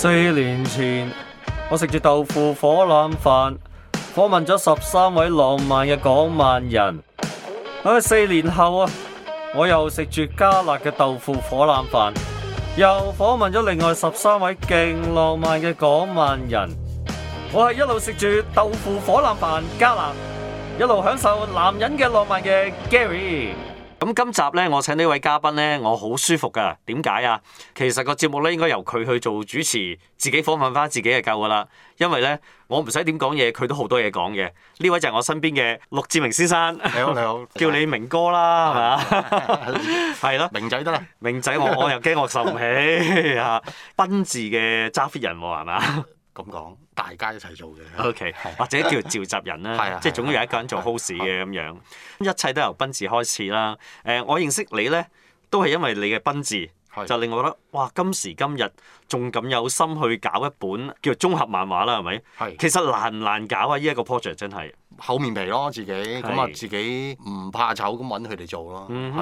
四年前，我食住豆腐火腩飯，訪問咗十三位浪漫嘅港萬人。喺四年後啊，我又食住加辣嘅豆腐火腩飯，又訪問咗另外十三位勁浪漫嘅港萬人。我係一路食住豆腐火腩飯加辣，一路享受男人嘅浪漫嘅 Gary。咁今集咧，我請呢位嘉賓咧，我好舒服噶。點解啊？其實個節目咧應該由佢去做主持，自己訪問翻自己就夠噶啦。因為咧，我唔使點講嘢，佢都好多嘢講嘅。呢位就係我身邊嘅陸志明先生。你好，你好。叫你明哥啦，係咪？係咯、啊，的明仔得啦。明仔我，我我又驚我受唔起啊！賓 治嘅揸 fit 人喎，係咪？咁講，大家一齊做嘅。O Okay , K， 或者叫召集人啦， 的即係總要有一個人做 host 嘅咁樣。一切都由賓治開始啦。誒、呃，我認識你咧，都係因為你嘅賓治，就令我覺得，哇！今時今日仲咁有心去搞一本叫綜合漫畫啦，係咪？的其實難唔難搞啊？呢、這、一個 project 真係厚面皮咯，自己咁啊，的就自己唔怕醜咁揾佢哋做咯。咁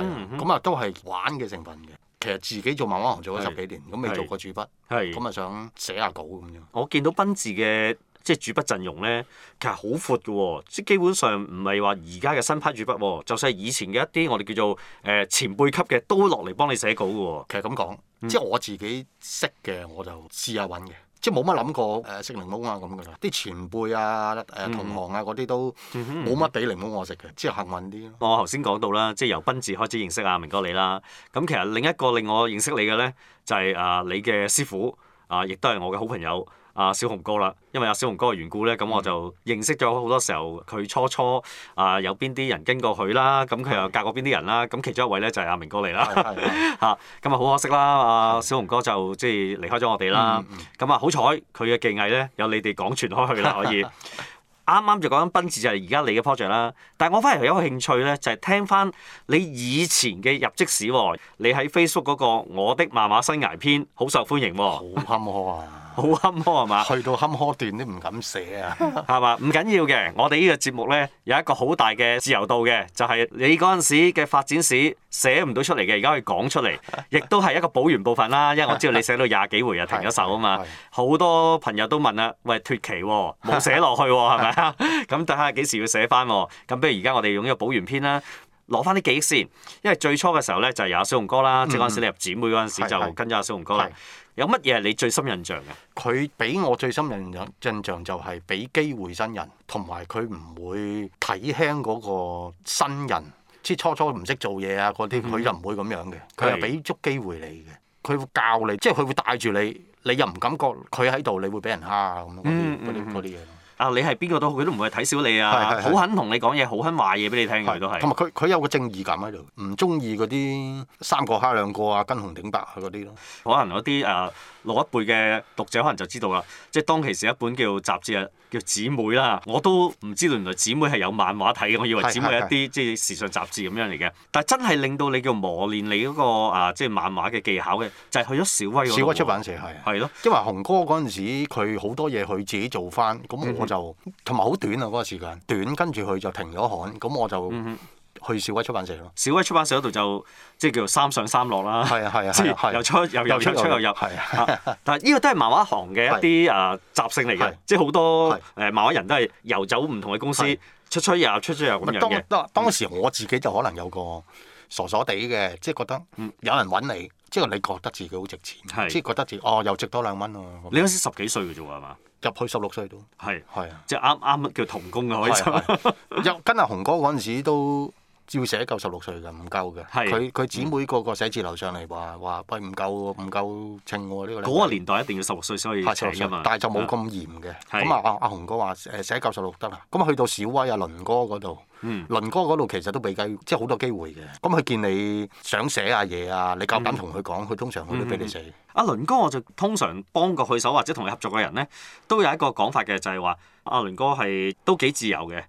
啊的，都係玩嘅成分嘅。其實自己做漫畫行做咗十幾年，咁未是做過主筆，咁啊是想寫下稿咁樣。我見到賓治嘅即係主筆陣容咧，其實好闊㗎喎，即基本上唔係話而家嘅新派主筆，就算係以前嘅一啲我哋叫做誒前輩級嘅，都落嚟幫你寫稿㗎喎。其實咁講，即、就是、我自己識嘅，我就試下揾嘅。即冇乜諗過誒食檸檬啊咁嘅啦，啲前輩啊、誒、呃、同行啊嗰啲都冇乜俾檸檬我食嘅，即係幸運啲。我頭先講到啦，即由賓至開始認識阿明哥你啦。咁其實另一個令我認識你嘅咧，就係、是、啊你嘅師傅啊，亦都係我嘅好朋友。阿、啊、小紅哥啦，因為阿小紅哥嘅緣故咧，咁我就認識咗好多時候。佢初初啊，有邊啲人經過佢啦？咁佢又隔過邊啲人啦？咁其中一位咧就係、是、阿、啊、明哥嚟啦嚇。咁啊，好 可惜啦，阿是小紅哥就即係離開咗我哋啦。咁啊、嗯，嗯、好彩佢嘅技藝咧，有你哋講傳開去啦。可以啱啱 就講緊奔馳就係而家你嘅 project 啦。但係我反而有一個興趣咧，就係、是、聽翻你以前嘅入職史喎。你喺 Facebook 嗰、那個我的漫畫生涯篇好受歡迎喎， 好坎坷啊！好坎坷係嘛？去到坎坷段都唔敢寫啊， 係嘛？唔緊要嘅，我哋呢個節目呢，有一個好大嘅自由度嘅，就係、是、你嗰陣時嘅發展史寫唔到出嚟嘅，而家可以講出嚟，亦都係一個補完部分啦。因為我知道你寫到廿幾回就停咗手啊嘛，好 多朋友都問啦，喂脫期喎、哦，冇寫落去喎、哦，係咪啊？咁等下幾時要寫翻？咁不如而家我哋用呢個補完篇啦。攞翻啲記憶先，因為最初嘅時候咧就係阿小紅哥啦，即係嗰陣時你入姊妹嗰陣時就跟咗阿小紅哥啦。是是有乜嘢係你最深印象嘅？佢俾我最深印象印象就係俾機會新人，同埋佢唔會睇輕嗰個新人，即係初初唔識做嘢啊嗰啲，佢、嗯、就唔會咁樣嘅，佢係俾足機會你嘅，佢會教你，即係佢會帶住你，你又唔感覺佢喺度，你會俾人蝦咁啲啲嗰啲嘢。啊！你係邊個都，好，佢都唔會睇小你啊！好是肯同你講嘢，好肯話嘢俾你聽嘅佢都係。同埋佢佢有個正義感喺度，唔中意嗰啲三個蝦兩個啊，跟紅頂白啊嗰啲咯。可能嗰啲誒。呃老一輩嘅讀者可能就知道啦，即係當其時一本叫雜誌啊，叫《姊妹》啦，我都唔知原來《姊妹》係有漫畫睇嘅，我以為《姊妹》係一啲即係時尚雜誌咁樣嚟嘅。係係係，但係真係令到你叫磨練你嗰、嗰個啊，即係漫畫嘅技巧嘅，就係、係、去咗小威嗰個。小威出版社係係咯，嘅因為紅哥嗰陣時佢好多嘢佢自己做返，咁我就同埋好短啊嗰個時間短，短跟住佢就停咗刊，咁我就。嗯去小威出版社咯，小威出版社嗰度就即係叫做三上三落啦，係啊係啊，即係又出又入出又入，但係呢個都係漫畫行嘅一啲誒習性嚟嘅，即係好多誒漫畫人都係遊走唔同嘅公司出出入出出入咁樣嘅。當當時我自己就可能有個傻傻地嘅，即係覺得有人揾你，即係你覺得自己好值錢，即係覺得自哦又值多兩蚊喎。你嗰時十幾歲嘅啫喎，係嘛？入去十六歲都，係係啊，即係啱啱叫童工嘅可以入，跟阿紅哥嗰陣時都。照寫夠十六歲嘅，唔夠嘅。佢佢姊妹個個寫字樓上嚟話話，唔夠唔夠稱喎呢個。嗰個年代一定要十六歲，歲，先可以，但係就冇咁嚴嘅。咁的、嗯、啊啊啊雄哥話誒寫夠十六得啦。咁啊去到小威阿、啊、倫哥嗰度，倫哥嗰度其實都俾機會，即係好多機會嘅。咁佢見你想寫啊嘢啊，你夠膽同佢講，佢、嗯、通常都俾你寫。阿倫、嗯嗯啊、哥我就通常幫過佢手或者同你合作嘅人咧，都有一個講法嘅，就係話阿倫哥係都幾自由嘅。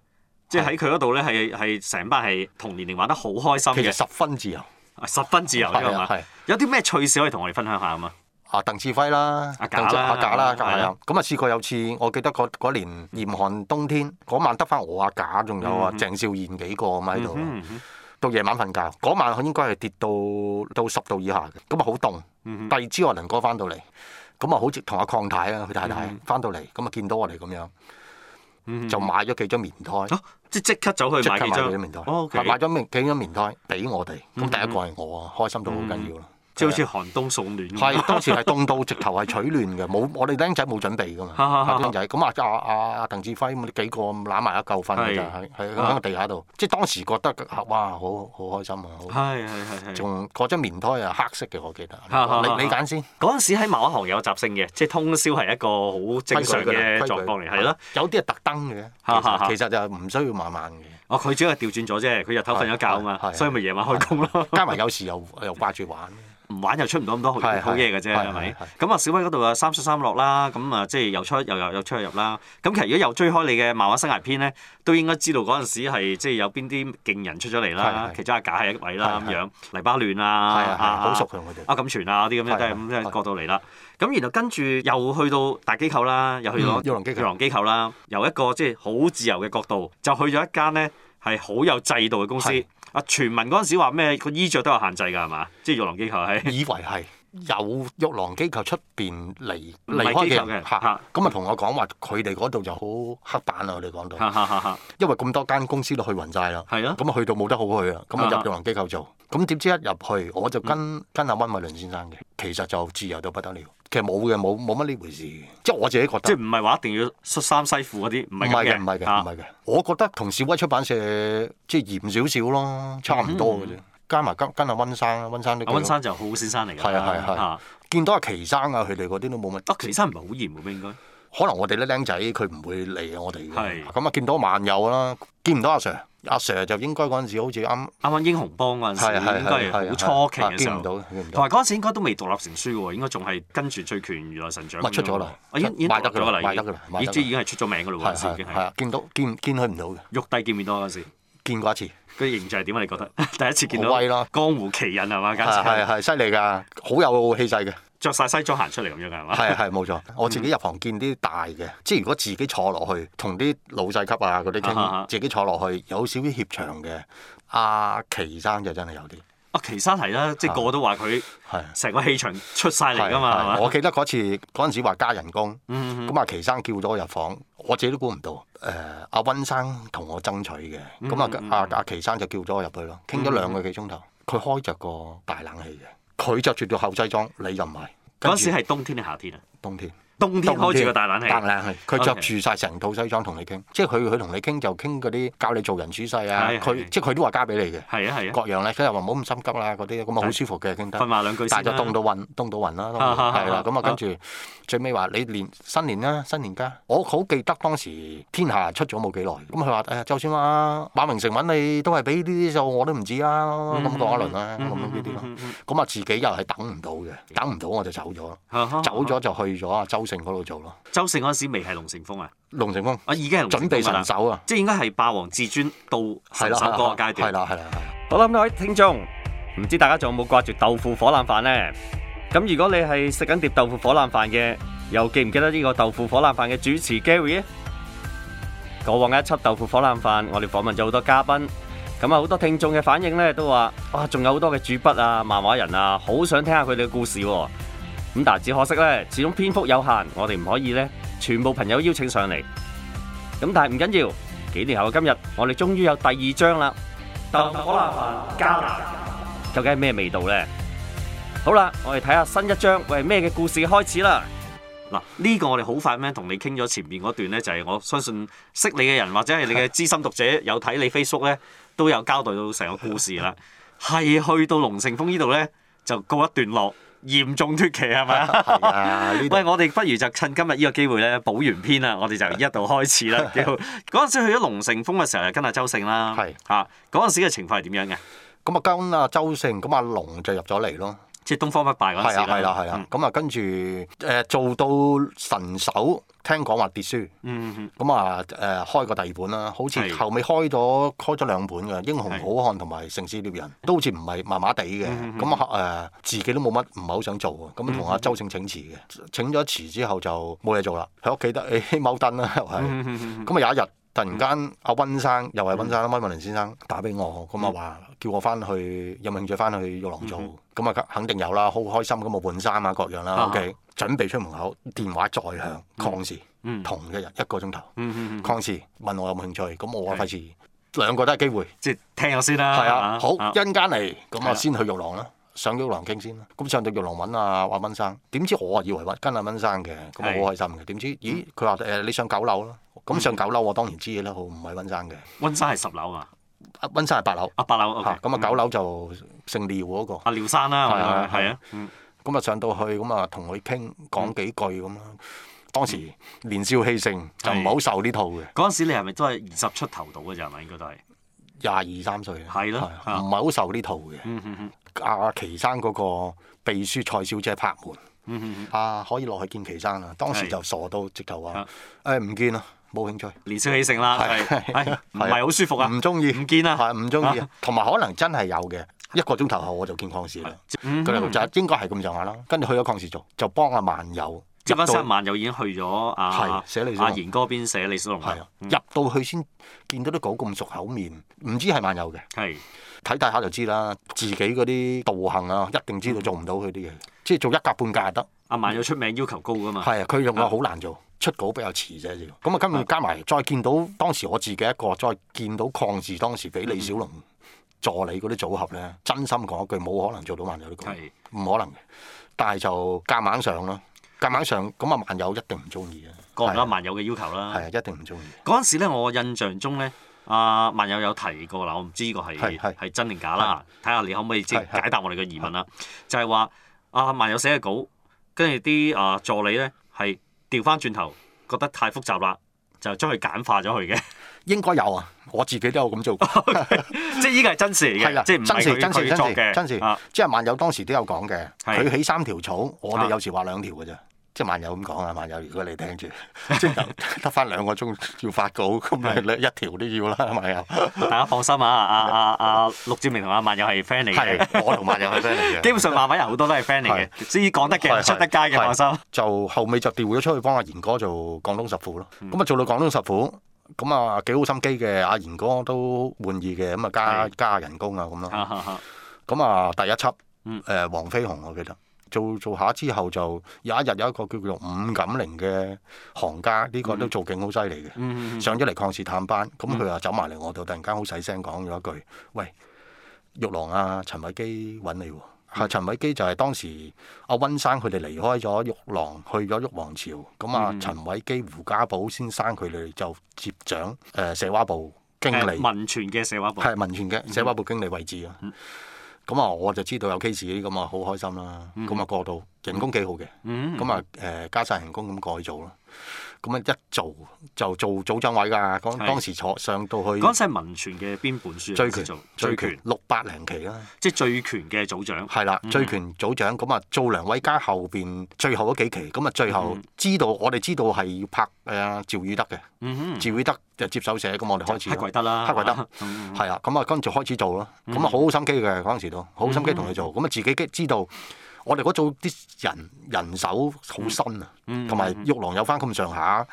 即係喺佢嗰度咧，係係成班係同年齡玩得好開心，其實十分自由，啊十分自由係嘛？有啲咩趣事可以同我哋分享下啊？啊，鄧志輝啦，阿賈啦，阿啊，咁啊試過有次，我記得嗰年嚴寒冬天嗰晚得翻我阿賈，仲有啊鄭少燕幾個咪喺度，到夜晚瞓覺嗰晚佢應該係跌到到十度以下嘅，咁啊好凍。第二朝我能哥翻到嚟，咁啊好似同阿鄺太啊佢太太翻到嚟，咁啊見到我哋咁樣。就買咗幾張棉胎，啊、即即刻走去買幾張，買咗棉幾張棉胎俾、哦 okay、我哋。咁、嗯、哼第一個係我啊，開心到好緊要咯。嗯即係好似寒冬送暖咁。係當時係凍到直頭係取暖嘅，冇我哋僆仔冇準備㗎嘛。僆仔咁啊，阿阿阿鄧志輝咁啲幾個攬埋一嚿瞓喺地下度。即係當時覺得哇，好好開心啊！係仲嗰張棉胎啊，黑色嘅我記得。你你揀先。嗰陣時喺某一行有習性嘅，即係通宵係一個好正常嘅狀況嚟，係咯。有啲係特登嘅，其實就唔需要慢慢嘅。哦，佢主要係調轉咗啫，佢日頭瞓咗覺啊嘛，所以咪夜晚開工咯。加埋有時又又掛住玩。唔玩又出唔到咁多好嘢，好嘢嘅啫，係咪？咁啊，小威嗰度啊，三出三落啦，咁啊，即係又出又入又出又入啦。咁其實如果又追開你嘅《漫畫生涯篇》咧，都應該知道嗰陣時係即係有邊啲勁人出咗嚟啦。其中阿賈係一位啦，咁樣黎巴嫩啊，好熟同佢哋，阿阿甘全啊啲咁樣都係咁嘅角度嚟啦。咁然後跟住又去到大機構啦，又去到玉郎機構啦。由一個即係好自由嘅角度，就去咗一間咧係好有制度嘅公司。啊！傳聞嗰陣時話咩？個衣着都有限制噶係嘛？即係玉龍機構，係以為係。有玉郎機構出邊嚟離開嘅嚇，咁啊同我講話佢哋嗰度就好黑板啦、啊，我哋講到，啊啊啊、因為咁多間公司都去完晒啦，咁啊去到冇得好去啊。咁啊入玉郎機構做，咁點知一入去我就跟跟阿温慧倫先生嘅，其實就自由到不得了，其實冇嘅，冇冇乜呢回事，即係我自己覺得，即係唔係話一定要恤衫西褲嗰啲唔係嘅，唔係嘅，唔係嘅，我覺得同示威出版社即係嚴少，少少咯，差唔多嘅啫。嗯加埋跟跟阿溫生，溫生溫生就好先生嚟㗎。係啊係係。見到阿奇生啊，佢哋嗰啲都冇乜。阿奇生唔係好嚴喎，應該。可能我哋啲僆仔，佢唔會理我哋嘅。係。咁啊，見到萬有啦，見唔到阿 Sir。阿 Sir 就應該嗰陣時好似啱啱揾英雄幫嗰陣時，應該好初期嘅時候。見唔到。同埋嗰陣時應該都未獨立成書喎，應該仲係跟住醉拳如來神掌。出咗啦。賣得㗎啦。賣得㗎啦。葉專已經係出咗名㗎啦。係係係啊，見到見見佢唔到嘅。玉帝見唔到嗰陣時。見過一次，佢形象係點啊？你覺得第一次見到威咯，江湖奇人係嘛？係係係，犀利㗎，好有氣勢嘅，着晒西裝行出嚟咁樣係嘛？係係冇錯， 我自己入行見啲大嘅，即係如果自己坐落去同啲老細級啊嗰啲傾， 自己坐落去有少少怯場嘅，阿、啊、奇生就真係有啲。阿祁生係啦，即係個個都話佢成個氣場出晒嚟㗎嘛，係嘛？吧我記得嗰次嗰陣時話加人工，咁阿祁生叫咗我入房，我自己都估唔到。誒、呃，阿、啊、溫生同我爭取嘅，咁、嗯、啊阿阿祁生就叫咗我入去咯，傾咗、嗯、兩個幾鐘頭。佢、嗯、開着個大冷氣嘅，佢著住對厚西裝，你就唔係。嗰時係冬天定夏天啊？冬天。冬天開住個大冷氣，佢着住晒成套西裝同你傾，即係佢佢同你傾就傾嗰啲教你做人處世啊。佢即係佢都話交俾你嘅，係啊係啊各樣咧。佢又話唔好咁心急啦，嗰啲咁啊好舒服嘅傾得，但係就凍到暈凍到暈啦，係啦。咁啊跟住最尾話你年新年啦新年家，我好記得當時天下出咗冇幾耐，咁佢話誒就算話馬明成揾你都係俾呢啲數我都唔知啊，咁講一輪啦咁嗰啲咯，咁啊自己又係等唔到嘅，等唔到我就走咗，走咗就去咗啊周城度做咯。週四嗰時未係龍成風啊，龍成風啊已經係準備神手啊，即係應該係霸王至尊到神手嗰個階段。係啦係啦係啦。好啦，咁多位聽眾，唔知大家仲有冇掛住豆腐火腩飯咧？咁如果你係食緊碟豆腐火腩飯嘅，又記唔記得呢個豆腐火腩飯嘅主持 Gary 咧？過往一輯豆腐火腩飯，我哋訪問咗好多嘉賓，咁啊好多聽眾嘅反應咧都話：哇、啊，仲有好多嘅主筆啊、漫畫人啊，好想聽下佢哋嘅故事喎、啊。咁但係只可惜咧，始終篇幅有限，我哋唔可以咧全部朋友邀請上嚟。咁但係唔緊要，幾年後嘅今日，我哋終於有第二章啦。豆角臘飯加，究竟係咩味道咧？好啦，我哋睇下新一章，喂咩嘅故事開始啦？嗱，呢個我哋好快咩？同你傾咗前面嗰段咧，就係、是、我相信識你嘅人或者係你嘅資深讀者 有睇你 Facebook 咧，都有交代到成個故事啦。係 去到龍勝峰呢度咧，就告一段落。嚴重脱期係咪？係 啊！喂，我哋不如就趁今日呢個機會咧，補完篇啦。我哋就一度開始啦。叫嗰陣時去咗龍城峯嘅時候，就跟阿周勝啦。係嚇，嗰陣時嘅情況係點樣嘅？咁啊，跟阿周勝，咁是、啊、阿龍就入咗嚟咯。即係東方不敗嗰陣時啦，咁啊跟住誒做到神手，聽講話跌書，咁啊誒開過第二本啦，好似後尾開咗開咗兩本嘅英雄好漢同埋城市獵人，都好似唔係麻麻地嘅，咁啊誒自己都冇乜唔係好想做啊，咁同阿周星請辭嘅，請咗辭之後就冇嘢做啦，喺屋企得起貓燈啦，咁啊有一日。突然間，阿温生又係温生温文林先生打俾我，咁啊話叫我翻去有冇興趣翻去玉郎做，咁啊肯肯定有啦，好開心咁我換衫啊各樣啦，OK，準備出門口電話再向康時同一日一個鐘頭，康時問我有冇興趣，咁我費事兩個都係機會，即係聽下先啦。係啊，好一陣間嚟，咁啊先去玉郎啦，上玉郎傾先啦。咁上到玉郎揾阿温生，點知我啊以為跟阿温生嘅，咁我好開心嘅，點知咦佢話誒你上九樓啦。咁上九樓，我當然知啦，好唔係温生嘅。温生係十樓啊。温生係八樓。啊八樓，咁啊九樓就姓廖嗰個。啊廖生啦，係啊，係啊。咁啊上到去，咁啊同佢傾講幾句咁咯。當時年少氣盛，就唔係好受呢套嘅。嗰陣時你係咪都係二十出頭到嘅咋？係咪應該都係廿二三歲？係咯，唔係好受呢套嘅。阿奇生嗰個秘書蔡小姐拍門，啊可以落去見奇生啊。當時就傻到直頭話誒唔見咯。冇興趣，年少氣盛啦，係，唔係好舒服啊？唔中意，唔見啦，係唔中意。同埋可能真係有嘅，一個鐘頭後我就見礦士啦。就應該係咁上下啦。跟住去咗礦士做，就幫阿萬有。接返身，萬有已經去咗啊，阿賢哥嗰邊寫李小龍。入到去先見到啲稿咁熟口面，唔知係萬有嘅。係睇大下就知啦。自己嗰啲道行啊，一定知道做唔到佢啲嘢。即係做一格半格就得。阿萬有出名要求高噶嘛？係啊，佢用話好難做。出稿比較遲啫，咁啊！今日加埋再見到當時我自己一個，再見到抗字當時俾李小龍助理嗰啲組合咧，真心講一句，冇可能做到萬友啲稿，係唔可能嘅。但係就夾硬上咯，夾硬上咁啊！萬友一定唔中意啊，講唔甩萬友嘅要求啦，係一定唔中意嗰陣時咧。我印象中咧，阿萬友有提過嗱，我唔知呢個係係真定假啦，睇下你可唔可以即解答我哋嘅疑問啦。就係話阿萬友寫嘅稿，跟住啲啊助理咧係。調翻轉頭，覺得太複雜啦，就將佢簡化咗佢嘅。 應該有啊，我自己都有咁做過， okay, 即係依個係真事嚟嘅， 的即係真事，真事，真事。即係萬有當時都有講嘅，佢的起三條草，我哋有時話兩條嘅咋。即係萬有咁講啊！萬有，如果你聽住，即係得翻兩個鐘要發稿，咁你咧一條都要啦，萬有。大家放心 啊，阿阿阿陸志明同阿萬有係 friend 嚟嘅。係，我同萬有係 friend 嚟嘅。基本上漫畫人好多都係 friend 嚟嘅，是所以講得嘅，出得街嘅，放心。就後尾就調咗出去幫阿、啊、賢哥做廣東十虎咯。咁啊、嗯、做到廣東十虎，咁啊幾好心機嘅，阿、啊、賢哥都滿意嘅，咁啊加是加人工啊咁咯。咁啊、嗯嗯、第一輯，誒黃飛鴻我記得。做做下之後就有一日有一個叫做伍錦玲嘅行家，呢、嗯、個都做勁好犀利嘅。嗯、上咗嚟礦市探班，咁佢話走埋嚟我度，突然間好細聲講咗一句：喂，玉郎啊，陳偉基揾你喎、啊。係、嗯、陳偉基就係當時阿温生佢哋離開咗玉郎，去咗玉皇朝，咁、嗯、啊、嗯、陳偉基、胡家寶先生佢哋就接掌誒社畫部經理，文傳嘅社畫部，係文傳嘅社畫部經理位置啊。嗯嗯咁啊，我就知道有 case 嘅咁啊，好開心啦。咁啊，過到人工幾好嘅，咁啊，誒加晒人工咁過去做咯。咁啊一做就做組長位噶，當當時坐上到去講曬《文傳》嘅邊本書，最開始做《醉拳》六百零期啦，即係《醉拳》嘅組長。係啦，《醉拳》組長，咁啊，做梁偉嘉後邊最後嗰幾期，咁啊最後知道我哋知道係要拍誒趙宇德嘅，趙宇德就接手寫，咁我哋開始。黑鬼德啦，黑鬼德，係啊，咁啊跟住開始做咯，咁啊好好心機嘅嗰陣時都，好好心機同佢做，咁啊自己嘅知道。我哋嗰組啲人人手好新啊，同埋玉郎有翻咁上下，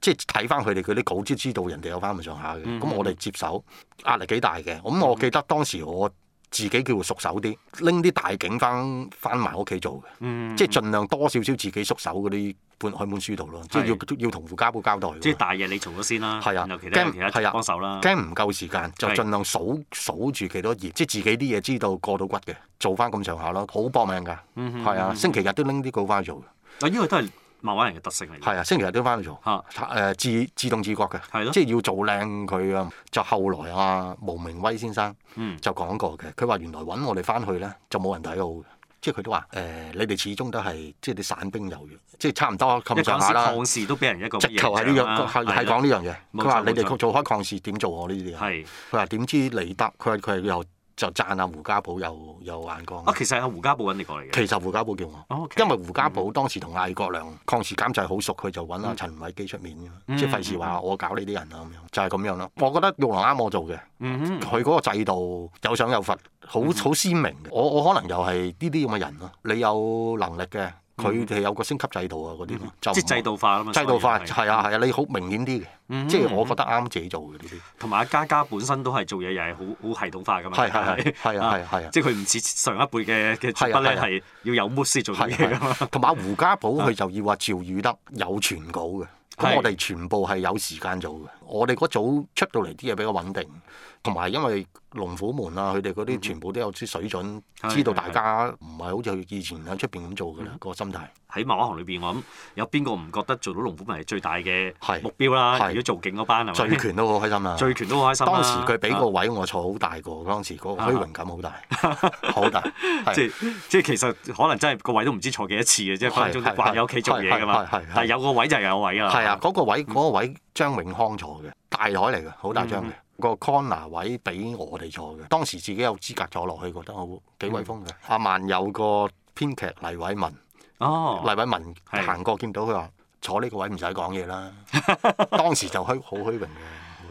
即係睇翻佢哋嗰啲稿先知道人哋有翻咁上下嘅。咁我哋接手壓力幾大嘅。咁我記得當時我，自己叫熟手啲，拎啲大景翻翻埋屋企做嘅，嗯、即係盡量多少少自己熟手嗰啲本開本書度咯，即係是要要同家寶交代。即係大嘢你嘈咗先啦，其有其他其他幫手啦，驚唔、啊啊、夠時間就儘量數是數住幾多，多頁，即係自己啲嘢知道過到骨嘅，做翻咁上下咯，好搏命㗎，係啊，嗯、星期日都拎啲稿翻去做。嗱、哦、呢、這個都係。馬偉人嘅特色嚟嘅，啊，星期日都翻去做嚇，自自動自覺嘅，即係要做靚佢啊！就後來阿毛明威先生就講過嘅，佢話原來揾我哋翻去咧就冇人睇好，即係佢都話誒，你哋始終都係即係啲散兵游勇，即係差唔多冚上下啦。一講抗事都俾人一個，直頭係講呢樣嘢。佢話你哋做開抗事點做我呢啲嘢？」佢話點知李德？佢話佢係又。就讚啊胡家寶有有眼光啊，其實係胡家寶揾你過嚟嘅。其實胡家寶叫我，Okay. 因為胡家寶當時同魏國良抗時監製好熟，佢就揾阿陳偉基出面嘅，嗯、即係費事話我搞呢啲人啊咁樣，就係、是、咁樣咯。嗯、我覺得玉龍啱我做嘅，佢嗰、嗯、哼個制度有賞有罰，好好鮮明。我我可能又係呢啲咁嘅人咯，你有能力嘅。佢哋有個升級制度啊，嗰啲即係制度化啊嘛。制度化係啊係啊，你好明顯啲嘅，即係我覺得啱自己做嘅呢啲。Hmm, 同埋阿嘉嘉本身都係做嘢，又係好好系統化噶嘛。係係係係啊！即係佢唔似上一輩嘅嘅傳筆咧，係要 有 must 做啲嘢噶嘛。同埋胡家寶佢就要話趙宇德有傳稿嘅，咁我哋全部係有時間做嘅。我哋嗰組出到嚟啲嘢比較穩定。同埋，因為龍虎門啊，佢哋嗰啲全部都有啲水準，知道大家唔係好似以前喺出邊咁做噶啦個心態。喺漫畫行裏邊，我諗有邊個唔覺得做到龍虎門係最大嘅目標啦？如果做勁嗰班啊嘛，最權都好開心啊！最權都好開心。當時佢俾個位我坐，好大個。當時個虛榮感好大，好大。即係即係其實可能真係個位都唔知坐幾多次嘅，即分分鐘掛喺屋企做嘢噶嘛。但有個位就係有位噶啦。係啊，嗰個位嗰個位張永康坐嘅大台嚟嘅，好大張嘅。個 corner 位俾我哋坐嘅，當時自己有資格坐落去，覺得好幾威風嘅。阿曼有個編劇黎偉文，黎偉文行過見到佢話，坐呢個位唔使講嘢啦，當時就虛好虛榮嘅。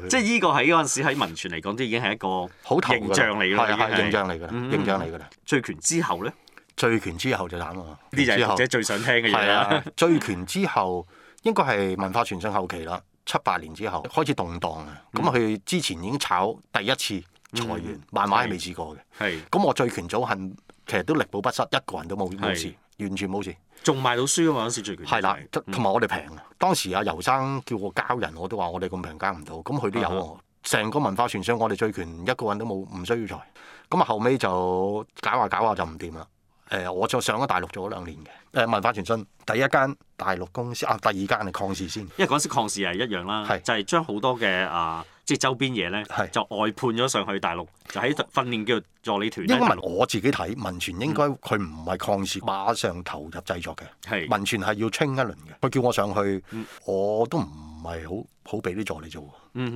即係呢個喺嗰陣時喺文傳嚟講，都已經係一個好頭像嚟㗎，形象嚟㗎，形象嚟㗎啦。醉拳之後咧？醉拳之後就慘啦，呢啲就者最想聽嘅嘢啦。醉拳之後應該係文化傳信後期啦。七八年之後開始動盪啊！咁佢、嗯、之前已經炒第一次裁員漫畫係未試過嘅，咁我最權組係其實都力保不失，一個人都冇冇是事，完全冇事，仲賣到書啊嘛！嗰時最權係啦，同埋的、嗯、我哋平啊。當時阿尤生叫我交人，我都話我哋咁平交唔到，咁佢都有成的個文化傳承。我哋最權一個人都冇，唔需要裁咁啊。後尾就搞下搞下，就唔掂啦。誒、呃，我就上咗大陸做咗兩年嘅，誒、呃、文化傳訊第一間大陸公司啊，第二間係抗視先，因為嗰時抗視係一樣啦，係是就係將好多嘅啊、呃，即係周邊嘢咧，係是就外判咗上去大陸，就喺訓練叫做助理團。因為我自己睇民傳應該佢唔係抗視，嗯、馬上投入製作嘅，係民是傳係要清一輪嘅。佢叫我上去，我都唔係好好俾啲助理做，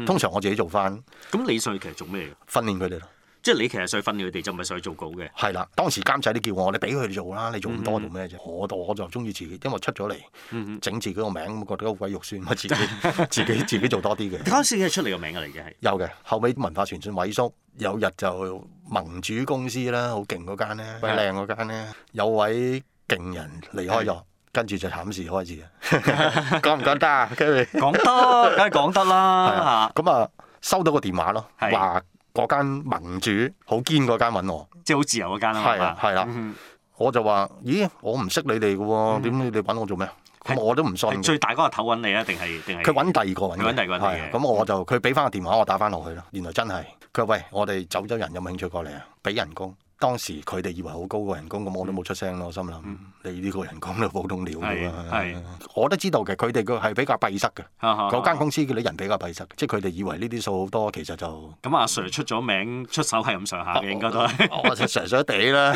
通常我自己做翻。咁、嗯、你上去其實做咩嘅？訓練佢哋咯。即係你其實想訓練佢哋，就唔係想去做稿嘅。係啦，當時監製都叫我，你俾佢哋做啦。你做咁多做咩啫、嗯嗯？我我就中意自己，因為出咗嚟整自己個名，覺得好鬼肉酸，我自己 自己自己做多啲嘅。嗰陣時係出嚟個名嚟嘅有嘅。後尾文化傳信萎縮，有日就民主公司啦，好勁嗰間咧，靚嗰的間咧，有位勁人離開咗，的跟住就慘事開始啊！講唔講得啊？講 得，梗係講得啦。咁啊， 收到個電話咯，話的。嗰間盟主好堅嗰間揾我，即係好自由嗰間啦，係啊，係啦、啊，嗯、哼我就話：咦，我唔識你哋嘅喎，點、嗯、哼你哋揾我做咩？是我都唔信。最大嗰個頭揾你啊，定係定係？佢揾第二個，佢揾第二個嚟，咁我就佢俾翻個電話，我打翻落去啦。原來真係，佢話：喂，我哋走咗人，有冇興趣過嚟啊？俾人工。當時佢哋以為好高個人工，咁我都冇出聲咯。心諗你呢個人工都普通料嘅喎。我都知道嘅，佢哋個係比較閉塞嘅。嗰間公司佢哋人比較閉塞，即係佢哋以為呢啲數好多，其實就咁阿、嗯啊、Sir 出咗名，出手係咁上下嘅，我應該都係。或者 Sir 傻地啦，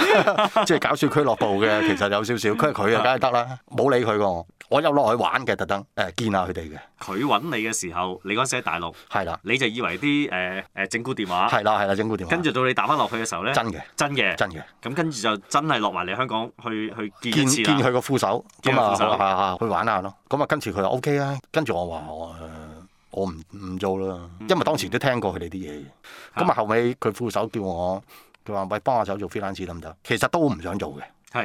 即 係 搞笑俱樂部嘅，其實有少少。佢佢又梗係得啦，冇的 理佢㗎。我有落去玩嘅，特登誒見下佢哋嘅。佢揾你嘅時候，你嗰時喺大陸。係啦，你就以為啲誒誒整蠱電話。係啦係啦，整蠱電話。跟住到你打翻落去嘅時候呢，真嘅，真嘅，真嘅。咁跟住就真係落埋嚟香港去去見次啦。見見佢個副手，去玩下咯。咁啊跟住佢話 O K 啊，跟住我話我唔唔做啦，因為當時都聽過佢哋啲嘢。咁啊後尾，佢副手叫我，佢話喂，幫下手做 freelance 得唔得？其實都唔想做嘅。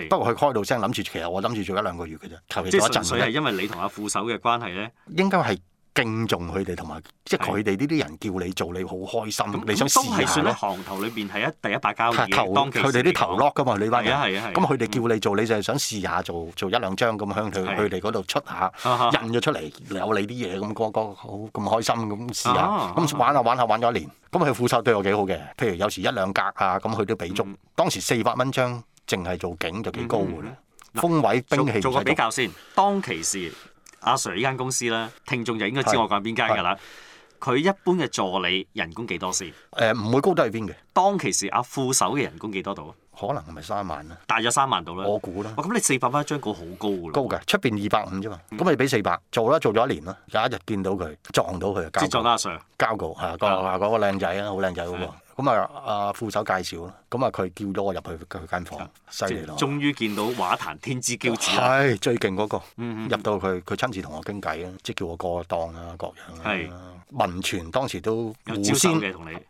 不過佢開到聲，諗住其實我諗住做一兩個月嘅啫，求其咗一陣，即係純粹因為你同阿副手嘅關係咧。應該係敬重佢哋，同埋即係佢哋呢啲人叫你做，你好開心。你想試下都係算行頭裏邊係一第一把交椅。佢哋啲頭落噶嘛，你班人。係咁佢哋叫你做，你就係想試下做做一兩張咁向佢佢哋嗰度出下，印咗出嚟有你啲嘢咁，嗰嗰好咁開心咁試下。咁玩下玩下玩咗一年，咁佢副手對我幾好嘅。譬如有時一兩格啊，咁佢都俾足。當時四百蚊張。淨係做警就幾高噶啦，峰位做兵器做做個比較先。 當其時阿 Sir 呢間公司咧，聽眾就應該知我講邊間噶啦。佢的一般嘅助理人工幾多先？誒、嗯、唔、呃、會高得去邊嘅。當其時阿副手嘅人工幾多度？可能係咪三萬啦？大約三萬度啦，我估啦。咁、哦、你四百蚊一張稿好高嘅。高嘅，出邊二百五啫嘛，咁你俾四百做啦，做咗一年啦，有一日見到佢撞到佢，接撞阿 Sir，交稿。吓，嗰個靚仔啊，好靚仔嗰個。那個 咁啊，阿副手介紹咯，咁啊佢叫咗我入去佢間房，犀利咯！終於見到畫壇天之驕子，係、哎、最勁嗰、嗰個。入到、嗯嗯嗯、去，佢親自同我傾偈啊，即係叫我過檔啊，各樣啊。文、嗯嗯、傳當時都胡仙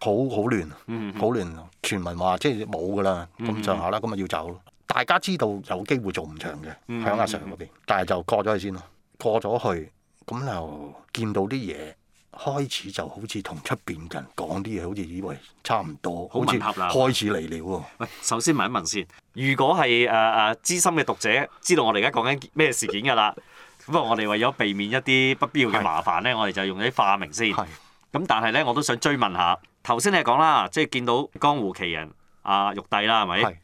好好亂，嗯嗯嗯好亂。傳聞話即係冇㗎啦，咁上下啦，咁啊要走。大家知道有機會做唔長嘅，響阿 Sir 嗰邊，但係就過咗去了先咯。過咗去咁就見到啲嘢。開始就好似同出邊人講啲嘢，好似以為差唔多，好似開始嚟了喎。喂，首先問一問先，如果係誒資深嘅讀者知道我哋而家講緊咩事件嘅啦，不過 我哋為咗避免一啲不必要嘅麻煩咧，是我哋就用啲化名先。咁是但係咧，我都想追問下，頭先你講啦，即係見到江湖奇人阿、啊、玉帝啦，係咪？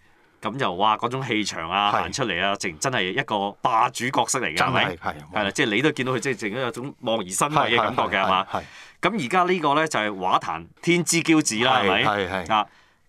咁就哇嗰種氣場啊，行出嚟啊，直真係一個霸主角色嚟嘅，真係？係啦，即係你都見到佢，即係淨有一種望而生畏嘅感覺嘅，係嘛？係。咁而家呢個咧就係畫壇天之驕子啦，係咪？啊，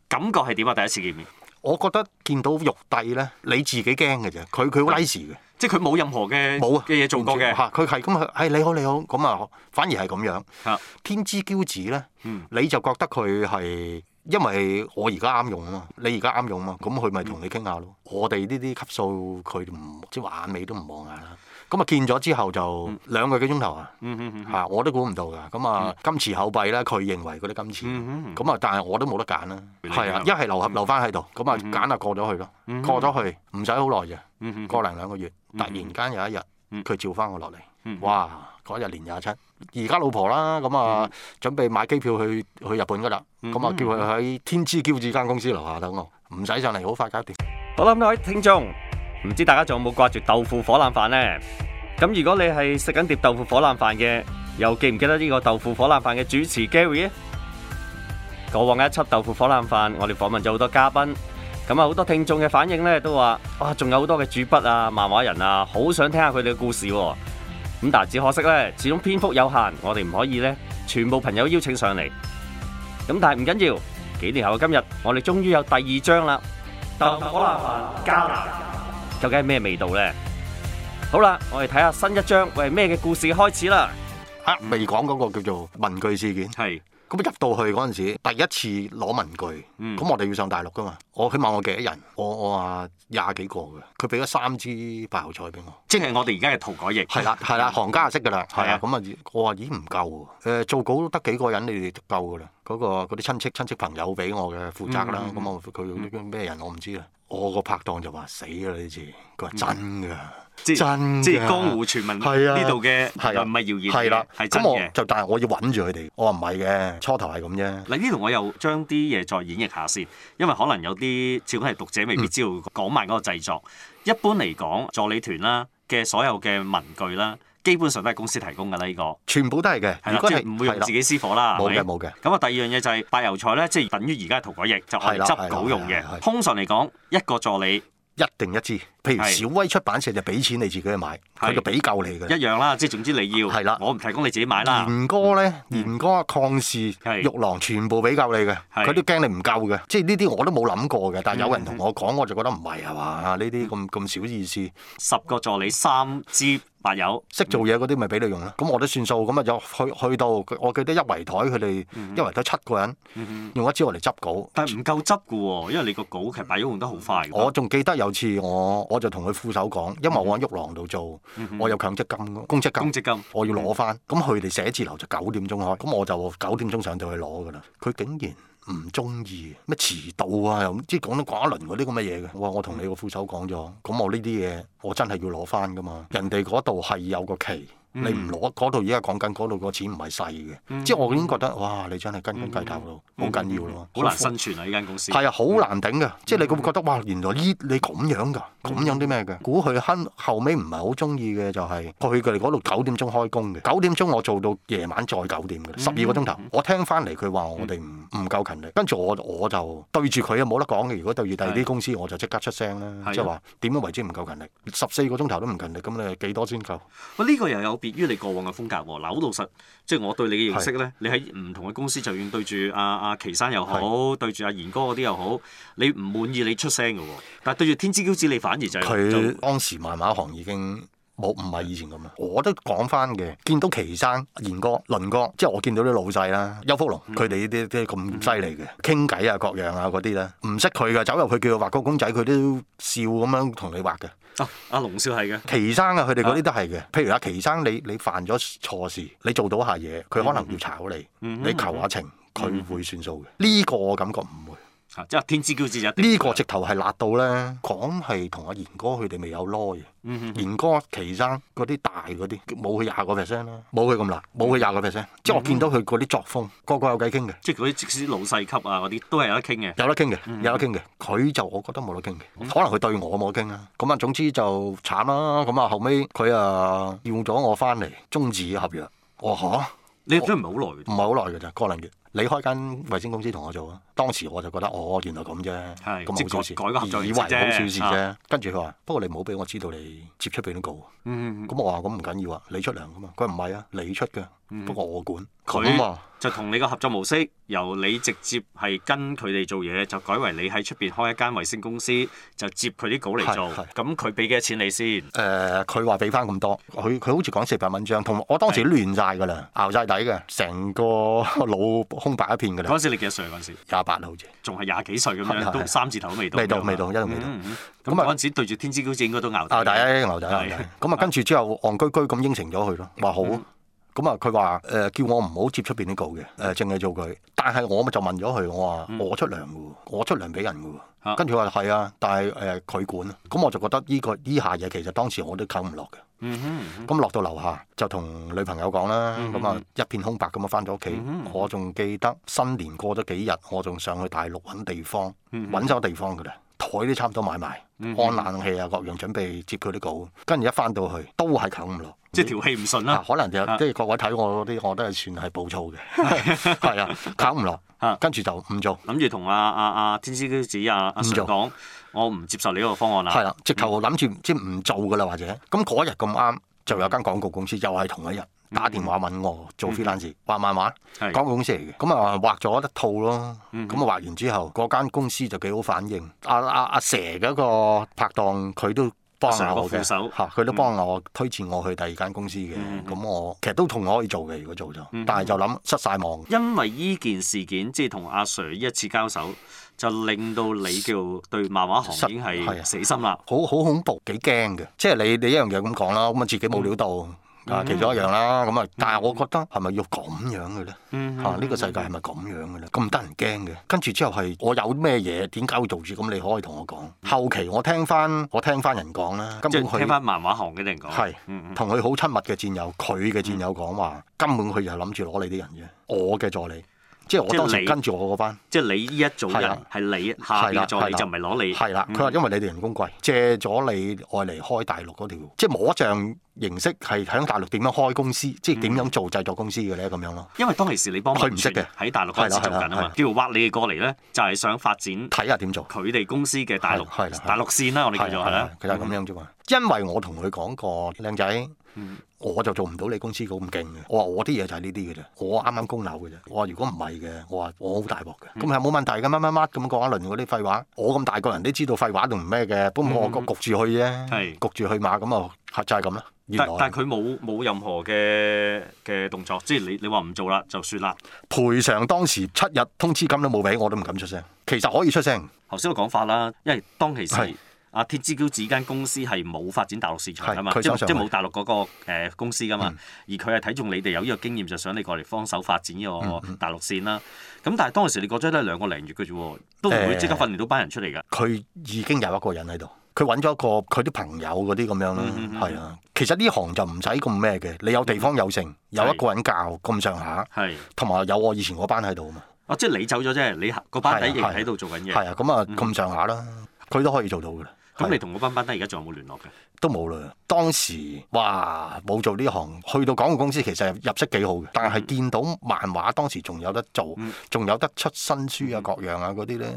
感覺係點啊？第一次見面，我覺得見到玉帝咧，你自己驚嘅啫。佢佢好 nice 嘅，即係佢冇任何嘅冇嘅嘢做過嘅。嚇，佢係咁啊，係你好你好，咁啊反而係咁樣。嚇，天之驕子咧，你就覺得佢係？因為我而家啱用啊嘛，你而家啱用啊嘛，咁佢咪同你傾下咯。嗯、我哋呢啲級數佢唔即係話眼尾都唔望眼啦。咁啊見咗之後就、嗯、兩個幾鐘頭啊嗯哼嗯哼，我都估唔到㗎。咁啊今時後幣咧佢認為嗰啲金池，咁啊、嗯嗯、但係我都冇得揀啦。係啊，一係留合留翻喺度，咁啊揀就過咗去咯。過咗去唔使好耐啫，嗯、哼 過零兩個月突然間有一日佢召翻我落嚟，哇！嗰日年廿七，而家老婆啦，咁啊準備買機票去去日本噶啦，咁啊叫佢喺天之驕子間公司樓下等我，唔使上嚟，好快搞掂。好啦，咁各位聽眾，唔知大家仲有冇掛住豆腐火腩飯呢？咁如果你係食緊碟豆腐火腩飯嘅，又記唔記得呢個豆腐火腩飯嘅主持 Gary 咧？過往一輯豆腐火腩飯，我哋訪問咗好多嘉賓，咁啊好多聽眾嘅反應咧都話，哇，仲有好多嘅主筆啊、漫畫人啊，好想聽下佢哋嘅故事啊。咁但係只可惜咧，始終篇幅有限，我哋唔可以咧全部朋友邀請上嚟。咁但係唔緊要，幾年後嘅今日，我哋終於有第二章啦。豆好麻煩，加啦，究竟係咩味道咧？好啦，我哋睇下新一章，喂係咩嘅故事開始啦？啊，未講嗰個叫做文具事件係。咁入到去嗰陣時，第一次攞文具，咁、嗯、我哋要上大陸噶嘛？我佢問我幾多人，我我話廿幾個嘅，佢俾咗三支白喉菜俾我，即係我哋而家係塗改液，係啦係啦，行家就識噶啦，係啊，咁啊的、嗯，我話咦唔夠喎，誒做稿得幾個人你哋夠噶啦？嗰、嗰個嗰啲親戚親戚朋友俾我嘅負責啦，咁、嗯、我佢用啲咩人我唔知啦，嗯、我個拍檔就話死啦呢次，佢話真㗎。嗯即係江湖傳聞呢度嘅唔係謠言，係啦，係真嘅，咁我就但係我要穩住佢哋。我話唔係嘅，初頭係咁啫。嗱，呢度我又將啲嘢再演繹下先，因為可能有啲少數讀者未必知道講埋嗰個製作。一般嚟講，助理團啦嘅所有嘅文具啦，基本上都係公司提供噶啦。呢個全部都係嘅，如果係唔會用自己私夥啦，冇嘅冇嘅。咁啊，第二樣嘢就係白油菜，咧，即係等於而家嘅塗改液，就係嚟執稿用嘅。通常嚟講，一個助理。一定一支，譬如小威出版社就俾錢你自己去買，佢是就俾夠你嘅。一樣啦，即係總之你要。係啦的，我唔提供你自己買啦。嚴哥咧，嚴哥、嗯、抗視、是玉郎全部俾夠你嘅，佢都驚你唔夠嘅。即係呢啲我都冇諗過嘅，但係有人同我講，我就覺得唔係，係嘛？呢啲咁咁少意思。十個助理三支。白友識做嘢嗰啲咪俾你用啦，咁、嗯、我都算數。咁啊，有去去到，我記得一圍台，佢哋一圍台七個人用一支我嚟執稿，嗯嗯、但係唔夠執嘅喎，因為你個稿其實擺咗用得好快。嗯、我仲記得有次我我就同佢副手講，因為我喺玉郎度做，我有強積金，公積金，嗯嗯、我要攞翻。咁佢哋寫字樓就九點鐘開，咁我就九點鐘上到去攞㗎啦。佢竟然～唔中意乜遲到啊，又即係講咗講一輪嗰啲咁嘅嘢嘅，哇！我同你個副手講咗，噉我呢啲嘢，我真係要攞翻噶嘛，人哋嗰度係有個期。你唔攞嗰度，而家講緊嗰度個錢唔係細嘅，即係我已經覺得哇！你真係斤斤計較咯，好緊要咯，好難生存啊！呢間公司係啊，好難頂嘅，即係你會覺得哇！原來呢你咁樣㗎，咁樣啲咩嘅？估佢肯後尾唔係好中意嘅就係去佢哋嗰度九點鐘開工嘅，九點鐘我做到夜晚再九點嘅，十二個鐘頭。我聽翻嚟佢話我哋唔唔夠勤力，跟住我我就對住佢啊冇得講嘅。如果對住第二啲公司，我就即刻出聲啦，即係話點樣為之唔夠勤力？十四個鐘頭都唔勤力，咁你幾多先夠？我呢個又有。別於你過往嘅風格喎，老老實，即係我對你嘅認識咧。是你喺唔同嘅公司就算對住阿阿岐山又好，是對住阿、啊、賢哥嗰啲又好。你唔滿意你出聲嘅喎。但係對住天之驕子，你反而就佢、是、當時漫畫行已經冇唔係以前咁啊！我都講翻嘅，見到岐山、賢哥、麟哥，即係我見到啲老細啦，邱福龍佢哋呢啲啲咁犀利嘅傾偈啊，各樣啊嗰啲咧，唔識佢嘅走入去叫佢畫個公仔，佢都笑咁樣同你畫嘅。啊！阿龍少係嘅，祁生啊，佢哋嗰啲都係嘅。啊、譬如阿祁生你，你你犯咗錯事，你做到下嘢，佢可能要炒你。嗯、哼你求下情，佢、嗯、哼會算數嘅。呢、嗯、哼個我感覺唔會。即係天之驕子，就呢個直頭係辣到咧，講係同阿賢哥佢哋未有攞嘅。賢、嗯、哼哥其、奇生嗰啲大嗰啲冇佢廿個 percent 啦，冇佢咁辣，冇佢廿個 percent。即係我見到佢嗰啲作風，個個有偈傾嘅。嗯、哼即係嗰啲即使老細級啊嗰啲都係有得傾嘅，有得傾嘅，有得傾嘅。佢就我覺得冇得傾嘅，嗯、哼可能佢對我冇得傾啦。咁啊，總之就慘啦。咁啊，後尾佢啊用咗我翻嚟終止合約。哦，嚇、啊！你追唔係好耐唔係好耐嘅咋。過兩月。你開間衞星公司同我做啊！當時我就覺得，哦，原來咁啫，咁好小事，以為好小事啫。跟住佢話：不過你唔好俾我知道你接出邊啲稿。咁我話：咁唔緊要啊，你出糧噶嘛？佢唔係啊，你出嘅，不過我管。佢就同你個合作模式，由你直接係跟佢哋做嘢，就改為你喺出邊開一間衞星公司，就接佢啲稿嚟做。咁佢俾幾多錢你先？誒，佢話俾翻咁多，佢佢好似講四百蚊張，同我當時亂晒㗎啦，拗晒底嘅，成個腦。空白一片噶啦！嗰時你幾歲？嗰時廿八好似，仲係廿幾歲咁樣，都三字頭都未到，未到，未到，一路未到。咁嗰陣時對住天之驕子應該都牛大。啊，第牛大。咁啊，跟住之後戇居居咁應承咗佢咯，話好。咁啊，佢話誒叫我唔好接出邊呢個嘅，誒淨係做佢。但係我咪就問咗佢，我話我出糧嘅喎，我出糧俾人嘅喎。跟住佢話係啊，但係誒佢管。咁我就覺得呢個呢下嘢其實當時我都啃唔落嘅。咁落到樓下就同女朋友講啦，咁啊一片空白咁啊翻咗屋企。我仲記得新年過咗幾日，我仲上去大陸揾地方，揾咗地方嘅啦，台都差唔多買埋，按冷氣啊，各樣準備接佢啲稿。跟住一翻到去都係啃唔落，即係條氣唔順啦。可能就，即係各位睇我嗰啲，我都係算係暴躁嘅，係啊，啃唔落啊，跟住就唔做，諗住同阿阿阿天師都子阿阿叔講。我唔接受你個方案啦。係啦，直頭諗住即係唔做㗎啦，或者咁嗰日咁啱，就有間廣告公司又係同一日打電話問我、嗯、哼做 freelancer 畫漫畫，廣告的公司嚟嘅。咁啊畫咗一套咯，咁啊、嗯、哼畫完之後，嗰間公司就幾好反應。阿阿阿蛇嗰個拍檔佢都幫我，佢、啊、的都幫我、嗯、哼推薦我去第二間公司嘅。咁我其實都同我可以做嘅，如果做咗，但係就諗失晒望。因為依件事件即係同阿蛇一次交手。就令到你叫對漫畫行已經係死心啦，好好恐怖，幾驚嘅。即係你你一樣嘢咁講啦，咁啊自己冇料到。啊、嗯，其中一樣啦，咁啊、嗯，但係我覺得係咪要咁樣嘅咧？嚇、嗯，呢、嗯啊呢個世界係咪咁樣嘅咧？咁得人驚嘅。跟住之後係我有咩嘢點解會做住？咁你可以同我講。後期我聽翻我聽翻人講啦，根本即聽翻漫畫行啲人講，係同佢好親密嘅戰友，佢嘅戰友講話，根本佢就係諗住攞你啲人嘅。我嘅助理。即係我當時跟住我嗰班。即係你依一組人係你下一組，你就唔係攞你。係啦，佢話因為你哋人工貴，借咗你外嚟開大陸嗰條，即係摸樣形式係喺大陸點樣開公司，即係點樣做製作公司嘅咧咁樣咯。因為當其時你幫佢唔識嘅喺大陸，係啦係啦，叫挖你哋過嚟咧，就係想發展睇下點做佢哋公司嘅大陸大陸線啦，我哋叫做係啦，佢就係咁樣啫嘛。因為我同佢講過靚仔。嗯、我就做唔到你公司咁勁嘅，我話我啲嘢就係呢啲嘅啫，我啱啱供樓嘅啫。我話如果唔係嘅，我話我好大鑊嘅，咁係冇問題㗎，乜乜乜咁講一輪嗰啲廢話。我咁大個人都知道廢話仲唔咩嘅，不過我局住去啫，焗住去嘛，咁啊是就係咁啦。但但佢冇冇任何嘅嘅動作，即係你你話唔做啦，就算啦。賠償當時七日通知金都冇俾，我都唔敢出聲。其實可以出聲，頭先個講法啦，因為當其時是。阿鐵之蕉子間公司係冇發展大陸市場啊嘛，即即冇大陸嗰個公司噶嘛。的而佢係睇中你哋有呢個經驗，就想你過嚟幫手發展呢個大陸線啦。咁的但係當時你過咗都係兩個零月嘅啫，都唔會即刻訓練到班人出嚟嘅。佢已經有一個人喺度，佢揾咗一個佢啲朋友嗰啲咁樣咯，係啊、嗯嗯。其實呢行就唔使咁咩嘅，你有地方有剩，有一個人教咁上下，係同埋有我以前嗰班喺度、嗯、啊嘛。哦，即係你走咗啫，你個班底亦喺度做緊嘢。係啊，咁啊咁上下啦，佢都、嗯嗯、可以做到嘅。咁你同嗰班班底而家仲有冇聯絡嘅？都冇啦。當時哇，冇做呢行，去到廣告公司其實入息幾好嘅，但係見到漫畫當時仲有得做，仲有得出新書啊各樣啊嗰啲咧，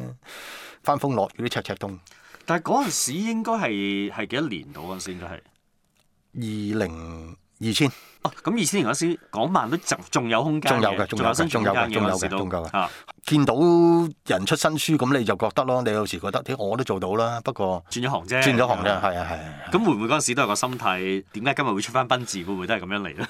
翻風落雨嗰啲赤赤痛。但係嗰陣時應該係係幾多年度？到先？應該係二零二千。20, 咁二千年嗰時港漫都仲仲有空間，仲有嘅，仲有嘅，仲有嘅，仲有嘅，仲有嘅。見到人出新書，咁你就覺得咯。你有時覺得，我都做到啦。不過轉咗行啫，轉咗行啫，係啊係。咁會唔會嗰陣時都有個心態？點解今日會出翻賓治？會唔會都係咁樣嚟咧？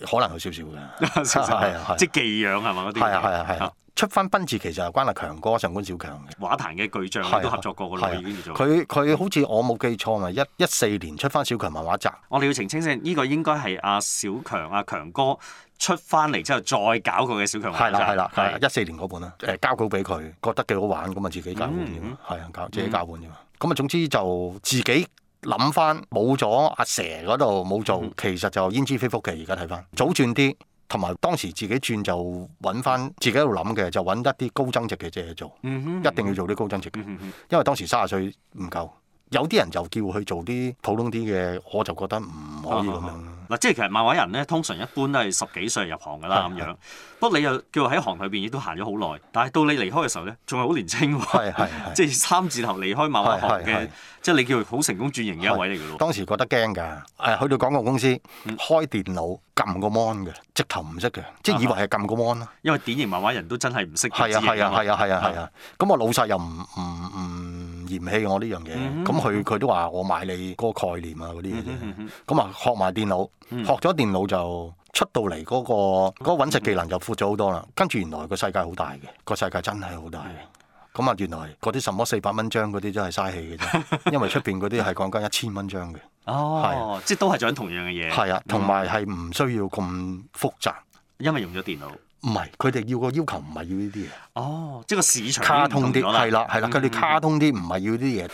可能少少嘅，即係寄養係嘛嗰啲。係啊係啊係啊。出翻賓字其實係關阿強哥上官小強嘅畫壇嘅巨匠都合作過㗎喇，已經做佢，佢好似我冇記錯，咪一一四年出翻小強漫畫集。我哋要澄清先，呢個應該係阿小強阿強哥出翻嚟之後再搞佢嘅小強漫畫集。係啦係啦，一四年嗰本啦，誒交稿俾佢，覺得幾好玩咁啊，自己搞。換係啊，改自己搞。換啫咁啊，總之就自己諗翻，冇咗阿蛇嗰度冇做，其實就焉知非福嘅。而家睇翻早轉啲。同埋當時自己轉就揾翻自己喺度諗嘅，就揾一啲高增值嘅嘢做，一定要做啲高增值嘅，因為當時卅歲唔夠。有啲人就叫去做啲普通啲嘅，我就覺得唔可以咁樣。嗱，即係其實漫畫人咧，通常一般都係十幾歲入行噶啦咁樣。不過你又叫喺行裏邊亦都行咗好耐，但係到你離開嘅時候咧，仲係好年青。即係三字頭離開漫畫行嘅，即係你叫好成功轉型嘅一位嚟嘅喎。當時覺得驚㗎，去到廣告公司開電腦撳個 mon 嘅，直頭唔識嘅，即係以為係撳個 mon。因為典型漫畫人都真係唔識字㗎嘛。係啊係啊係啊係啊，咁我老實又唔唔唔。嫌棄我呢、mm hmm. 樣嘢，咁佢佢都話我買你個概念啊嗰啲嘅，咁啊學埋電腦，mm hmm. 學咗電腦就出到嚟嗰個嗰、搵食技能就闊咗好多啦。跟住原來個世界好大嘅，個世界真係好大嘅。咁啊、mm hmm. 原來嗰啲什麼四百蚊張嗰啲真係嘥氣嘅啫， 因為出邊嗰啲係講緊一千蚊張嘅。哦，啊、即係都係做緊同樣嘅嘢。係啊，同埋係唔需要咁複雜，因為用咗電腦。唔係，佢哋要個要求唔係要呢啲嘢。哦，即個市場卡通啲，係啦係啦，佢 哋卡通啲唔係要呢啲嘢。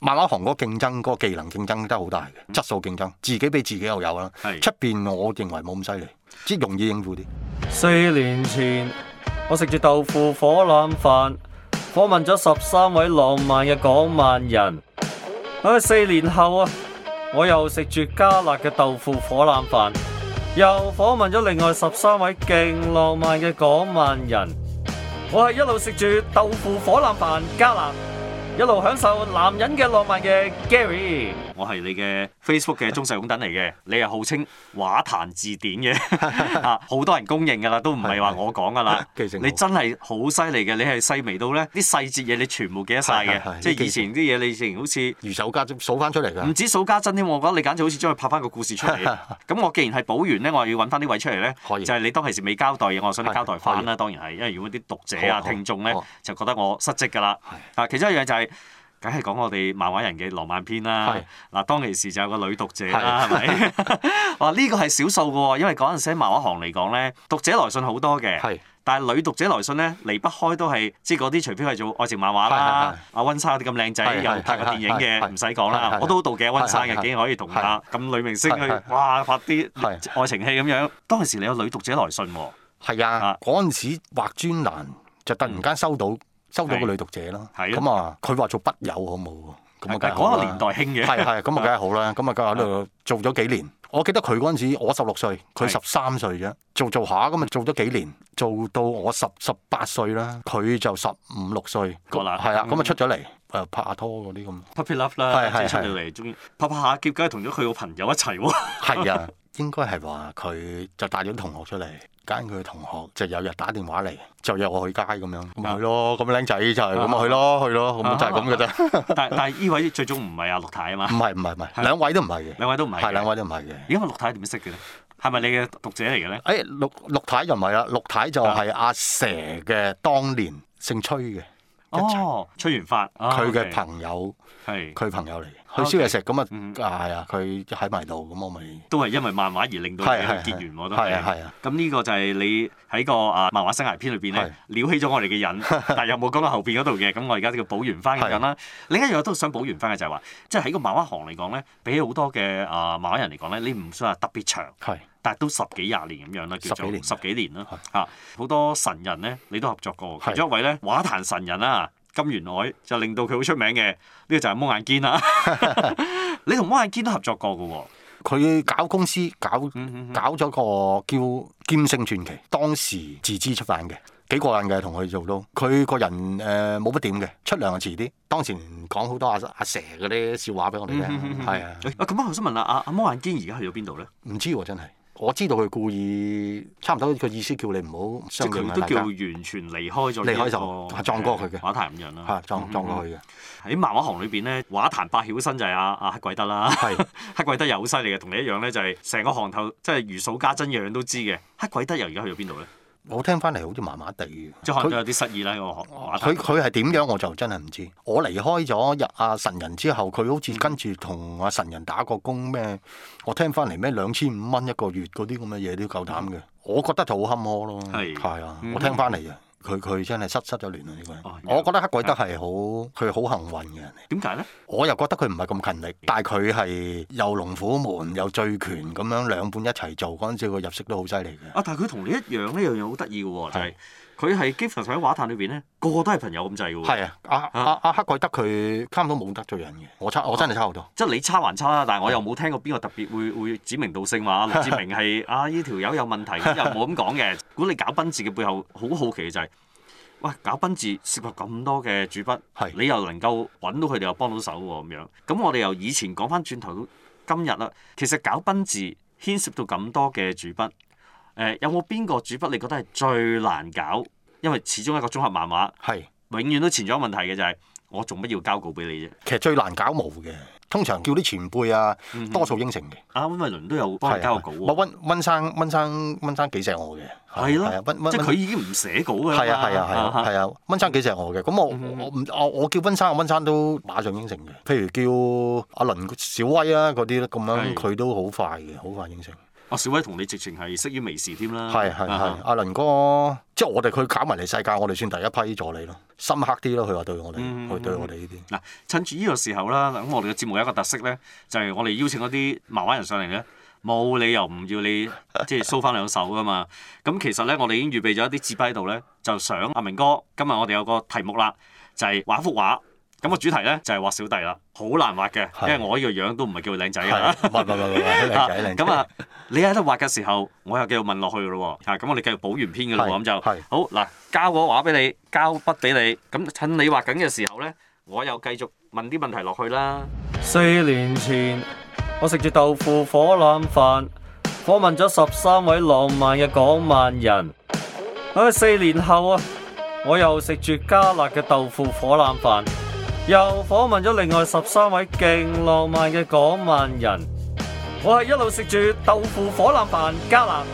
漫畫行嗰個競爭，個技能競爭都係好大嘅，質素競爭，自己比自己又有啦。係出邊，面我認為冇咁犀利，即容易應付啲。四年前，我食住豆腐火腩飯，訪問咗十三位浪漫嘅港漫人。唉、哎，四年後啊，我又食住加辣嘅豆腐火腩飯。又訪問咗另外十三位勁浪漫嘅港萬人，我係一路食住豆腐火腩飯加辣，一路享受男人嘅浪漫嘅 Gary，我係你嘅。Facebook 嘅中世拱等嚟嘅，你係號稱畫壇字典嘅，啊，好多人公認㗎啦，都唔係話我講㗎啦。你真係好犀利嘅，你係細微到咧，啲細節嘢你全部記得晒嘅。即係以前啲嘢，你以前好似如數家珍數翻出嚟嘅，唔止數家珍添，我覺得你簡直好似將佢拍翻個故事出嚟。咁我既然係補完咧，我又要揾翻啲位出嚟咧，就係你當其時未交代嘅，我想你交代翻啦。當然係，因為如果啲讀者啊、聽眾咧，就覺得我失職㗎啦。啊，其中一樣就係。梗係講我哋漫畫人嘅浪漫篇啦。嗱，當其時就有個女讀者啦，係咪？哇！呢個係少數嘅喎，因為嗰陣時喺漫畫行嚟講咧，讀者來信好多嘅。但係女讀者來信咧，離不開都係即係嗰啲，除非係做愛情漫畫啦。阿温莎啲咁靚仔又拍過電影嘅，唔使講啦。我都好妒忌温莎嘅，竟然可以同阿咁女明星去哇拍啲愛情戲咁樣。當其時你有女讀者來信喎。係啊，嗰陣時畫專欄就突然間收到。收到個女讀者咯，咁啊佢話做筆友好冇喎，咁啊嗰個年代興嘅。係係，咁啊梗係好啦，咁啊佢喺度做咗幾年，我記得佢嗰陣時我十六歲，佢十三歲啫，做做下咁啊做咗幾年，做到我十十八歲啦，佢就十五六歲。過啊，咁啊出咗嚟誒拍下拖嗰啲咁。puppy love 啦，即係出嚟中意拍拍下，結果同咗佢個朋友一齊喎。係啊，應該係話佢就帶咗啲同學出嚟。揀佢嘅同學就有日打電話嚟，就約我去街咁樣。咪去咯，咁僆仔就係咁啊，去咯去咯，咁就係咁嘅啫。但係但係呢位最終唔係阿陸太啊嘛。唔係唔係唔係，兩位都唔係嘅。兩位都唔係。係兩位都唔係嘅。咁阿陸太點樣識嘅咧？係咪你嘅讀者嚟嘅咧？誒，陸陸太就唔係啦，陸太就係阿蛇嘅當年姓崔嘅一齊。哦，崔元發，佢嘅朋友係佢朋友嚟。去燒嘢食咁啊，係啊，佢喺埋度，咁我咪都係因為漫畫而令到結緣，我都係啊，係啊。咁呢個就係你喺個啊漫畫生涯篇裏邊咧撩起咗我哋嘅人，但又冇講到後邊嗰度嘅？咁我而家都要補完翻嘅人啦。另一樣我都想補完翻嘅就係話，即係喺個漫畫行嚟講咧，比起好多嘅啊漫畫人嚟講咧，你唔算話特別長，但係都十幾廿年咁樣啦，叫做十幾年啦嚇。好多神人咧，你都合作過，其中一位咧畫壇神人啦。金元海就是、令到佢好出名嘅，呢、這個就係魔眼堅啦。 你同魔眼堅都合作過嘅喎。佢搞公司，搞搞咗個叫《劍聖傳奇》，當時自資出版嘅，幾過癮嘅，同佢做到。佢個人誒冇乜點嘅，出糧就遲啲。當時講好多阿阿蛇嗰啲笑話俾我哋聽，係 啊。咁啊！我想問下，阿阿魔眼堅而家去咗邊度咧？唔知喎、啊，真係。我知道佢故意差唔多，個意思叫你唔好即係佢都叫完全離開咗你。呢個，撞過佢嘅畫壇咁樣啦，撞撞過佢嘅喺漫畫行裏邊咧，畫壇百曉生就係阿阿黑鬼德啦是、 就是，黑鬼德又好犀利嘅，同你一樣咧，就係成個行頭即係如數家珍，樣樣都知嘅。黑鬼德又而家去咗邊度咧？我聽翻嚟好似麻麻地嘅，即係佢有啲失意啦。我佢佢係點樣我就真係唔知。我離開咗入阿神人之後，佢好似跟住同阿神人打過工咩？我聽翻嚟咩兩千五蚊一個月嗰啲咁嘅嘢都夠膽嘅，的我覺得就好坎坷咯。係啊，我聽翻嚟啊。佢佢真係失失咗聯啊！呢個人，哦、我覺得黑鬼德係好，佢好幸運嘅。點解咧？我又覺得佢唔係咁勤力，但係佢係又龍虎門又醉拳咁樣兩本一齊做，嗰陣時個入息都好犀利嘅。啊！但係佢同你一樣呢樣嘢好得意嘅喎。佢係基本上喺畫壇裏邊咧，個個都係朋友咁滯嘅喎。係啊，阿阿、啊啊、黑鬼得佢差唔多冇得罪人嘅。我差，我真係差好多、啊。即、就、係、是、你差還差啦，但係我又冇聽過邊個特別會會指名道姓話陸志明係 啊呢條友有問題，又冇咁講嘅。管理搞賓字嘅背後，好好奇嘅就係、是，喂搞賓字涉及咁多嘅主筆，是你又能夠揾到佢哋又幫到手喎、啊、咁樣。咁我哋由以前講翻轉頭到今日啦，其實搞賓字牽涉到咁多嘅主筆。誒，有冇邊個主筆你覺得係最難搞？因為始終一個綜合漫畫係，永遠都存咗一個問題嘅就係，我做乜要交稿俾你啫？其實最難搞冇嘅，通常叫啲前輩啊，多數應承嘅。阿溫慧倫都有幫我交個稿，溫溫生溫生溫生幾錫我嘅，係咯，溫溫即係佢已經唔寫稿噶啦。係啊係啊係啊，溫生幾錫我嘅，咁我我唔我我叫溫生，溫生都馬上應承嘅。譬如叫阿倫、小威啊嗰啲咁樣，佢都好快嘅，好快應承。阿、哦、小威同你直情係識於微時添啦，係係係。阿倫哥，即係我哋佢搞埋嚟世界，我哋算第一批助理咯，深刻啲咯。佢話對我哋，佢對我哋呢啲。嗱、嗯嗯，趁住呢個時候啦，咁我哋嘅節目有一個特色咧，就係、是、我哋邀請一啲麻甩人上嚟咧，冇理由唔要你即係 show 翻兩手噶嘛。咁其實咧，我哋已經預備咗一啲紙筆喺度咧，就想阿明哥，今日我哋有個題目啦，就係、是、畫一幅畫。咁個主題咧就係畫小弟啦，好難畫嘅，因為我呢個樣都唔係叫靚仔嘅。畫過過過，靚仔靚仔。咁啊，你喺度畫嘅時候，我又繼續問落去咯喎。係，咁我哋繼續補完篇嘅咯。咁就係好嗱，交個畫俾你，交筆俾你。咁趁你畫緊嘅時候咧，我又繼續問啲問題落去啦。四年前，我食住豆腐火腩飯，訪問咗十三位浪漫嘅港漫人。啊，四年後啊，我又食住加辣嘅豆腐火腩飯。又訪問咗另外十三位勁浪漫嘅港漫人，我係一路食住豆腐火腩飯加辣，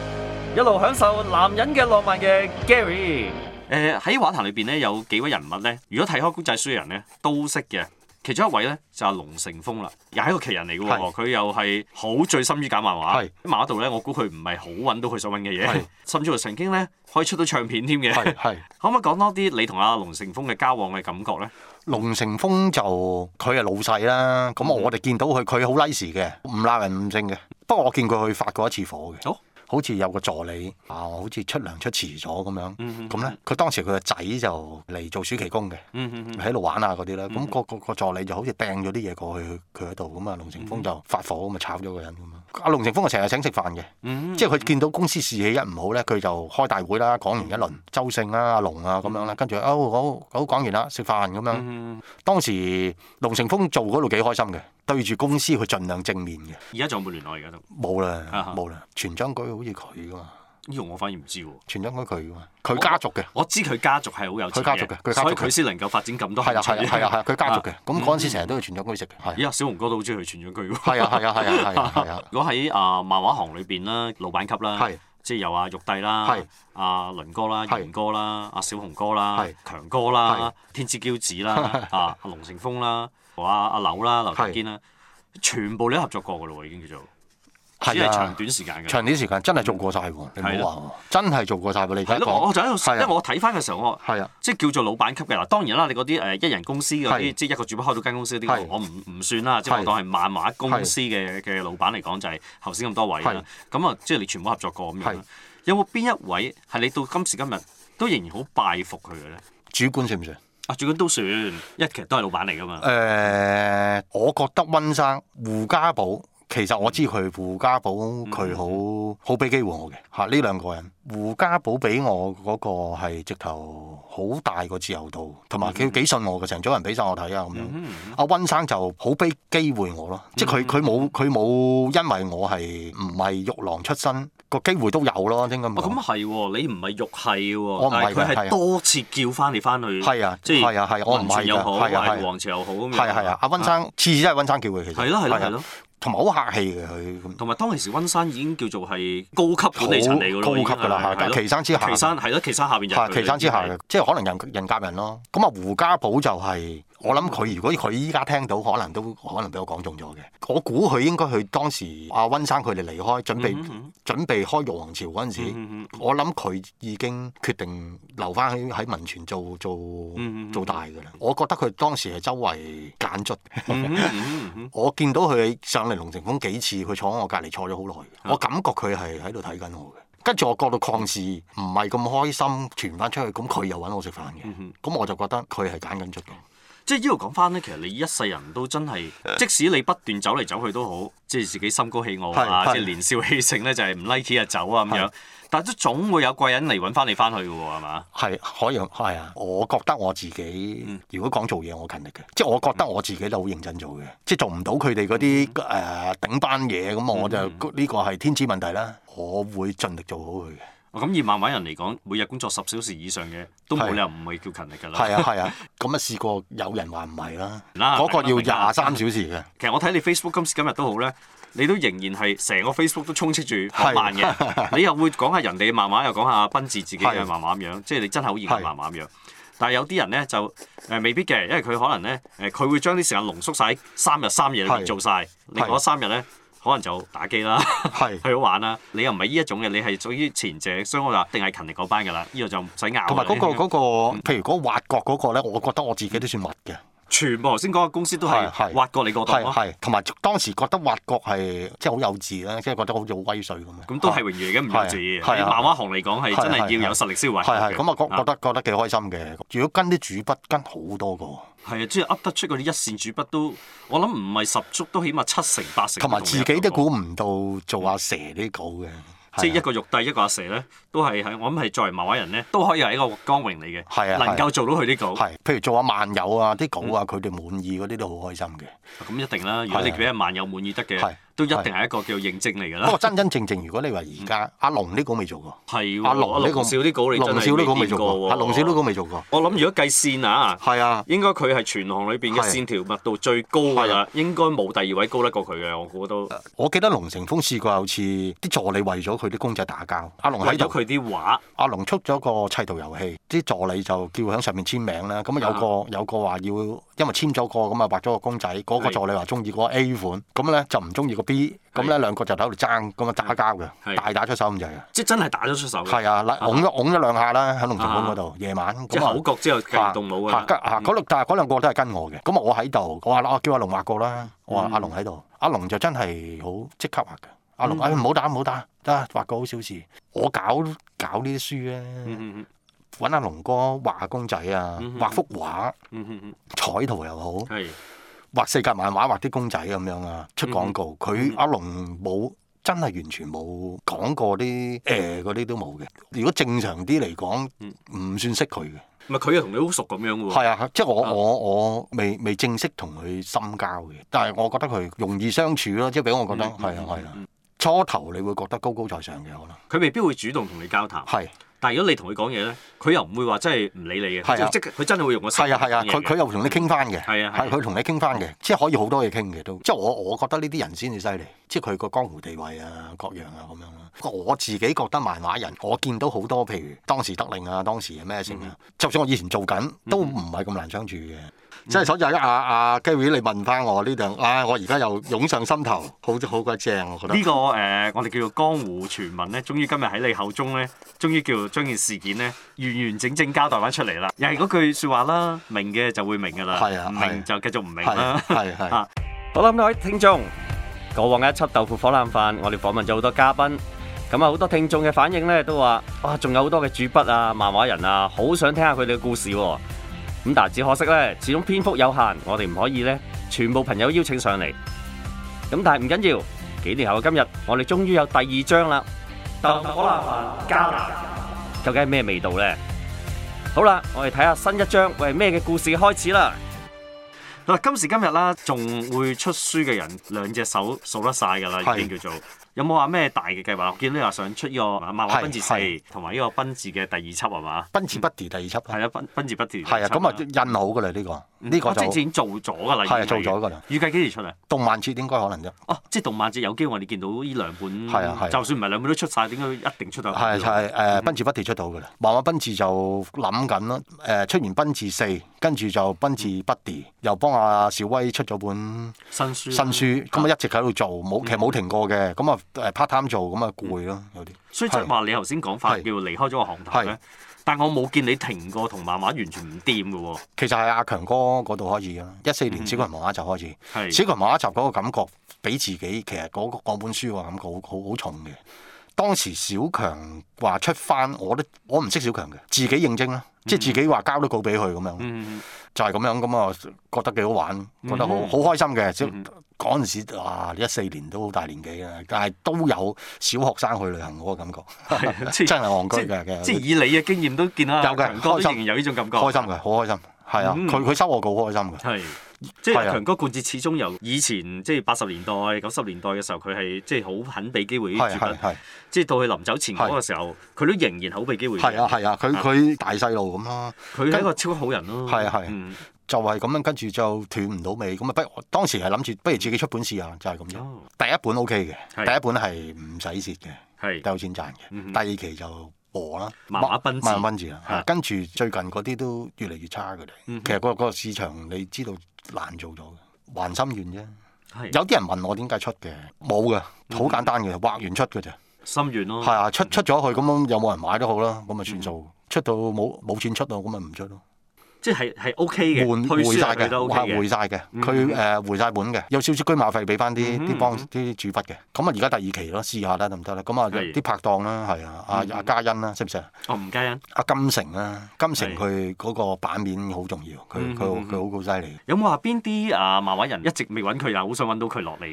一路享受男人嘅浪漫嘅 Gary。誒，喺畫壇裏邊咧，有幾位人物咧，如果睇開公仔書嘅人咧都識嘅。其中一位咧就係龍成風啦，又係一個奇人嚟嘅，佢又係好醉心於搞漫畫。喺馬度咧，我估佢唔係好揾到佢想揾嘅嘢，甚至乎曾經咧可以出到唱片添嘅。可唔可以講多啲你同阿龍成風嘅交往嘅感覺咧？龍成風就佢係老細啦，咁、嗯、我哋見到佢，佢好 nice 嘅，唔鬧人唔正嘅。不過我見佢去發過一次火嘅。好似有個助理啊，好似出糧出遲咗咁樣，咁咧佢當時佢個仔就嚟做暑期工嘅，喺度玩下嗰啲啦。咁個個個助理就好似掟咗啲嘢過去佢嗰度咁啊。龍成風就發火咁咪炒咗個人咁啊。阿龍成風就成日請食飯嘅，即係佢見到公司士氣一唔好咧，佢就開大會啦，講完一輪周勝啊、阿龍啊咁樣啦，跟住哦好好講完啦，食飯咁樣。當時龍成風做嗰度幾開心嘅。對住公司去盡量正面嘅。而家仲有冇聯絡？而家都冇啦，冇啦。泉章居好似佢噶嘛？呢個我反而唔知喎。泉章居佢噶嘛？佢家族嘅，我知佢家族係好有錢嘅。佢家族嘅，所以佢先能夠發展咁多行業。係啊係啊係啊！佢家族嘅。咁嗰陣時成日都去泉章居食嘅。係。而家小紅哥都好中意去泉章居喎。係啊係啊係啊係啊！如果喺啊漫畫行裏邊啦，老闆級啦，即係有啊玉帝啦，阿倫哥啦，元哥啦，阿小紅哥啦，強哥啦，天之驕子啦，啊龍成風啦。阿阿劉啦，劉定堅啦，全部你都合作過噶咯喎，已經叫做只係長短時間嘅。長短時間真係做過晒喎，你唔好話喎，真係做過晒喎。你睇咯，我就因為我睇翻嘅時候，我啊，即係叫做老闆級嘅嗱。當然啦，你嗰啲誒一人公司嗰啲，即係一個主播開到間公司嗰啲，我唔唔算啦。即係當係漫畫公司嘅嘅老闆嚟講，就係頭先咁多位啦。咁啊，即係你全部合作過咁樣。有冇邊一位係你到今時今日都仍然好拜服佢嘅咧？主管算唔算？啊，最緊都算，一其實都係老闆嚟噶嘛。誒、呃，我覺得温生、胡家寶，其實我知佢胡家寶，佢好好俾機會我嘅嚇。呢、嗯、兩個人，胡家寶俾我嗰個係直頭好大個自由度，同埋佢幾信我嘅，成組人俾晒我睇啊咁樣。阿温、嗯嗯、生就好俾機會我咯，即係佢佢冇佢冇，因為我係唔係玉郎出身。個機會都有咯，應該咁係喎，你唔係玉系喎，我唔係佢係多次叫翻你翻去。係啊，即係我唔係又好，係黃朝又好。係啊係啊，阿温生次次都係温生叫佢。係咯係咯係咯，同埋好客氣嘅佢。同埋當其時，温生已經叫做係高級管理層嚟㗎，高級㗎啦，係岐山之下。岐山係咯，岐山下邊就。係岐山之下，即係可能人人夾人咯。咁啊，胡家寶就係。我諗佢如果佢依家聽到，可能都可能俾我講中咗嘅。我估佢應該佢當時阿温生佢哋離開，準備準備開玉皇朝嗰陣時，我諗佢已經決定留翻喺喺文傳做做做大嘅啦。我覺得佢當時係周圍揀卒。 我見到佢上嚟龍城峰幾次，佢坐喺我隔離坐咗好耐，我感覺佢係喺度睇緊我嘅。跟住我覺到礦事唔係咁開心傳翻出去，咁佢又揾我食飯嘅，咁我就覺得佢係揀緊卒。即係依度講翻咧，其實你一世人都真係，即使你不斷走嚟走去都好，即係自己心高氣傲啊，是即係年少氣盛咧就係唔 like 就走啊。咁是但係都總會有貴人嚟揾翻你翻去嘅喎，係嘛？係可以，係啊！我覺得我自己，嗯、如果講做嘢，我勤力嘅，即係我覺得我自己都好認真做嘅。即係做唔到佢哋嗰啲誒頂班嘢，咁我就呢、嗯、個係天資問題啦。我會盡力做好佢嘅。咁以漫畫人嚟講，每日工作十小時以上嘅，都冇理由唔係叫勤力㗎啦。係啊係啊，咁啊試過有人話唔係啦，嗰個要廿三小時嘅。其實我睇你 Facebook 今時今日都好咧，你都仍然係成個 Facebook 都充斥住慢嘅。你又會講下人哋漫畫，又講下賓治自己嘅漫畫咁樣，即係你真係好易嘅漫畫咁樣。但係有啲人咧就誒未必嘅，因為佢可能咧誒佢會將啲時間濃縮晒，三日三夜嚟做晒。你嗰三日咧。可能就打機啦，係係好玩啦。你又唔係呢一種嘅，你係屬於前者，所以我就一定係勤力嗰班㗎啦。呢個就唔使拗。同埋嗰個嗰個，譬如嗰個挖角嗰個咧，嗯、我覺得我自己都算密嘅。全部頭先講嘅公司都係挖過你，覺得同埋當時覺得挖角係即係好幼稚啦，即係覺得好似好威水咁樣。咁都係榮譽嘅，唔係自己。喺漫畫行嚟講係真係要有實力先會揾。係係咁啊，覺得覺得幾開心嘅。如果跟啲主筆跟好多個，係啊，即係噏得出嗰啲一線主筆都，我諗唔係十足，都起碼七成八成。同埋自己都估唔到做阿蛇呢啲稿嘅。即係一個玉帝一個阿蛇咧，都係喺我諗係作為漫畫人咧，都可以係一個光榮嚟嘅。的能夠做到佢啲稿。譬如做下漫友啊，啲稿啊佢哋，嗯、滿意嗰啲都好開心嘅。咁、啊、一定啦，如果你俾阿漫友滿意得嘅。的都一定係一個叫認證嚟㗎啦。不過真真正正，如果你話而家阿龍呢個未做過，係阿龍龍少啲稿，龍少啲稿未做過。阿龍少啲稿未做過。我諗如果計線啊，係啊，應該佢係全行裏邊嘅線條密度最高㗎啦。應該冇第二位高得過佢嘅。我覺得。我記得龍成峯試過有次啲助理為咗佢啲公仔打交，阿龍為咗佢啲畫。阿龍出咗個砌圖遊戲，啲助理就叫喺上面簽名啦。咁啊有個有個話要。因為簽咗個咁啊，畫咗個公仔，嗰個助理話中意嗰個 A 款，咁咧就唔中意個 B，咁咧的兩個就喺度爭，咁啊打交嘅，的大打出手咁就係，即真係打咗出手嘅。係啊，攬擁一擁一兩下啦，喺龍城門嗰度夜晚。即口角之後激動武啊！嗰兩，但係嗰兩個都係跟我嘅，咁啊我喺度，我話我叫阿龍畫過啦，我話阿龍喺度，阿龍就真係好即刻畫嘅。阿龍，哎唔好打唔好打，得畫過好小事，我搞搞呢啲書啊。嗯嗯搵阿龍哥畫下公仔啊，畫幅畫，彩圖又好，畫四格漫畫，畫啲公仔咁樣啊，出廣告。佢阿龍冇真係完全冇講過啲誒嗰啲都冇嘅。如果正常啲嚟講，唔算識佢嘅。唔係佢又同你好熟咁樣喎。係啊，即係我我我未未正式同佢深交嘅，但係我覺得佢容易相處咯。即係俾我覺得係啊係啊。初頭你會覺得高高在上嘅可能。佢未必會主動同你交談。係。但係如果你同佢講嘢咧，佢又唔會話真係唔理你嘅，即係佢真係會用個心。係啊係啊，佢佢、啊、又同你傾翻嘅。係啊係佢同你傾翻嘅，啊、即係可以好多嘢傾嘅都。即係我我覺得呢啲人先至犀利，即係佢個江湖地位啊，各樣啊咁樣啦。我自己覺得漫畫人，我見到好多，譬如當時得令啊，當時係咩先啊？嗯、就算我以前做緊都唔係咁難相處嘅。嗯嗯真係昨日阿阿 Gary，你問翻我呢度，唉，我而家又湧上心頭，好好鬼正，我覺得。呢個誒，我哋叫做江湖傳聞咧，終於今日喺你口中咧，終於叫將件事件咧，完完整整交代翻出嚟啦。又係嗰句說話啦，明嘅就會明㗎啦，唔明就繼續唔明啦。係係。好啦，咁多位聽眾，過往嘅一輯豆腐火腩飯，我哋訪問咗好多嘉賓，咁啊好多聽眾嘅反應咧都話，哇，仲有好多嘅主筆啊、漫畫人啊，好想聽下佢哋嘅故事喎。咁但只可惜咧，始終篇幅有限，我哋唔可以咧，全部朋友邀請上嚟。咁但係唔緊要，幾年後嘅今日，我哋終於有第二章啦。但好麻煩，加啦，究竟係咩味道咧？好啦，我哋睇下新一章，會係咩嘅故事開始啦。嗱，今時今日啦，仲會出書嘅人，兩隻手數得晒噶啦，是已經叫做。有冇話咩大嘅計劃？我見到你又想出呢個漫畫《奔馳四》，同埋呢個《奔馳》嘅、這個、第二輯係嘛？《奔馳不跌》第二輯係啊，《奔奔馳不跌》係啊，咁啊印好㗎啦呢個。呢個就已經做咗噶啦，預計幾時出嚟？動漫節應該可能啫。哦，即係動漫節有機會你見到呢兩本，就算唔係兩本都出晒，應該一定出到。係係誒，奔馳不地出到噶啦。漫畫奔馳就諗緊咯。誒，出完奔馳四，跟住就奔馳不地，又幫阿小威出咗本新書。新書咁啊，一直喺度做，冇其實冇停過嘅。咁啊誒，part time 做咁啊攰咯，有啲。所以就係話你頭先講法叫離開咗個行頭咧。但我冇見你停過，同漫畫完全唔掂嘅喎。其實係阿強哥嗰度開始啦，一四年《小熊漫畫集》開始。嗯、小熊漫畫集嗰個感覺俾自己，其實嗰、嗰、嗰、個、本書喎感覺好好重嘅。當時小強話出翻，我都我唔識小強嘅，自己應徵啦。即係自己話交都稿俾佢咁樣，就係咁樣咁啊，覺得幾好玩，覺得好好開心嘅。即係嗰陣時，哇！一四年都好大年紀啦，但係都有小學生去旅行嗰個感覺，真係戇居嘅嘅。即係以你嘅經驗都見到，有嘅。有呢種感覺，開心嘅，好開心。係啊，佢佢收我稿，好開心嘅。係。即係強哥貫徹，始終由以前即係八十年代、九十年代嘅時候，佢係即係好肯俾機會啲住賓。是是是是，即係到佢臨走前嗰個時候，佢都是是 仍然好俾機會。係啊係啊，佢佢大細路咁咯。佢係一個超級好人咯、啊。係啊係，就係、是、咁樣跟住就斷唔到尾，咁啊不當時係諗住不如自己出本事啊，就係、是、咁樣、哦第 OK。第一本 OK 嘅，第一本係唔使蝕嘅，係，都有錢賺嘅。嗯、哼 第二期就。和啦，萬萬蚊字啊，的跟住最近嗰啲都越嚟越差㗎啦。嗯、哼其實、個個市場你知道難做咗，還心願啫。的有啲人問我點解出嘅？冇嘅，好簡單嘅，畫、嗯、哼完出嘅咋。心願咯，係啊，出出咗去咁樣有冇人買都好啦，咁咪算數。嗯、哼出到冇冇錢出啊，咁咪唔出咯。即係係 OK 嘅，回回曬嘅，還晒嘅，佢誒回曬本嘅，有少少車馬費俾翻啲啲幫啲主筆嘅。咁啊，而家第二期咯，試下啦，得唔得咧？咁啊，啲拍檔啦，係啊，阿阿嘉欣啦，識唔識啊？哦，吳嘉欣。阿金城啊，金城佢嗰個版面好重要，佢佢佢好夠犀利。有冇話邊啲啊漫畫人一直未揾佢，但好想揾到佢落嚟，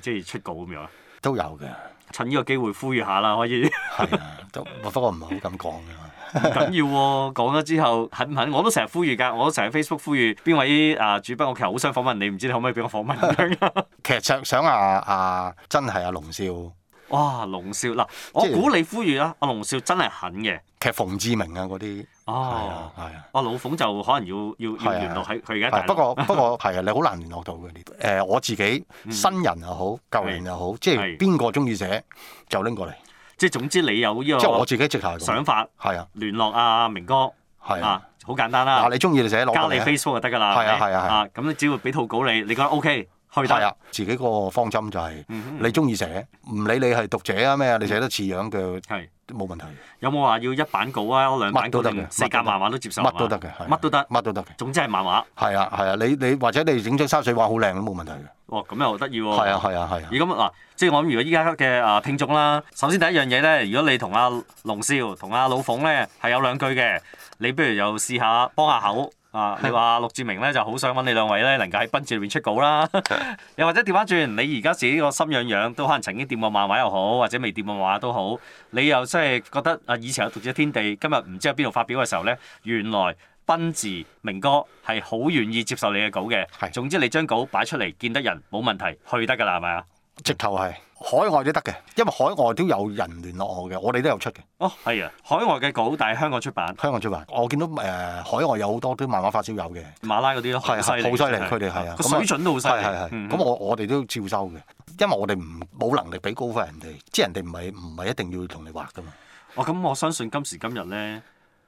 即係出稿咁樣都有嘅。趁呢個機會呼籲下啦，可以。係啊，都不過唔係好敢講嘅。唔緊要喎，講咗之後肯唔肯？我都成日呼籲㗎，我都成日 Facebook 呼籲邊位啊主播，我其實好想訪問你，唔知你可唔可以俾我訪問下？其實想想啊啊，真係阿龍少，哇龍少嗱，我估你呼籲啦，阿龍少真係肯嘅。其實馮志明啊嗰啲，哦係啊，阿老馮就可能要要聯絡喺佢而家，不過不過係啊，你好難聯絡到嘅。誒我自己新人又好，舊年又好，即係邊個中意寫就拎過嚟。即係總之，你有呢個，即係我自己直頭想法係啊，聯絡阿明哥係啊，好簡單啦、啊啊。你中意就寫落加你 Facebook 就得㗎啦。係啊係啊，咁你、啊啊啊、只要俾套稿你，你覺得 OK？係啊，自己個方針就係，你中意寫，唔理你係讀者啊咩，你寫得似樣嘅，係冇問題。有冇話要一版稿啊？兩版都得嘅，四格漫畫都接受，乜都得嘅，乜都得，乜都得。總之係漫畫。係啊係啊，你你，或者你整張山水畫好靚都冇問題嘅。哇，咁又得意喎！係啊係啊係啊。如果嗱，即係我諗，如果依家嘅啊聽眾啦，首先第一樣嘢咧，如果你同阿龍少同阿老鳳咧係有兩句嘅，你不如又試下幫下口。啊！你話陸志明咧就好想揾你兩位咧，能夠喺《賓字》裏面出稿啦。 又或者調翻轉，你而家自己個心癢癢，都可能曾經掂過漫畫又好，或者未掂過畫都好。你又即係覺得啊，以前有讀《者天地》，今日唔知喺邊度發表嘅時候呢，原來《賓字》明哥係好願意接受你嘅稿嘅。係是。總之你將稿擺出嚟，見得人冇問題，去得㗎啦，係咪啊？直頭係。海外都得嘅，因為海外都有人聯絡我嘅，我哋都有出嘅。哦，係啊，海外嘅稿但係香港出版，香港出版。我見到誒，海外有好多都漫畫發燒友嘅，馬拉嗰啲咯，好犀利，佢哋係啊，水準都好犀利。係係，咁我我哋都照收嘅，因為我哋唔冇能力俾稿費人哋，即係人哋唔係唔係一定要同你畫㗎嘛。哇，咁我相信今時今日咧。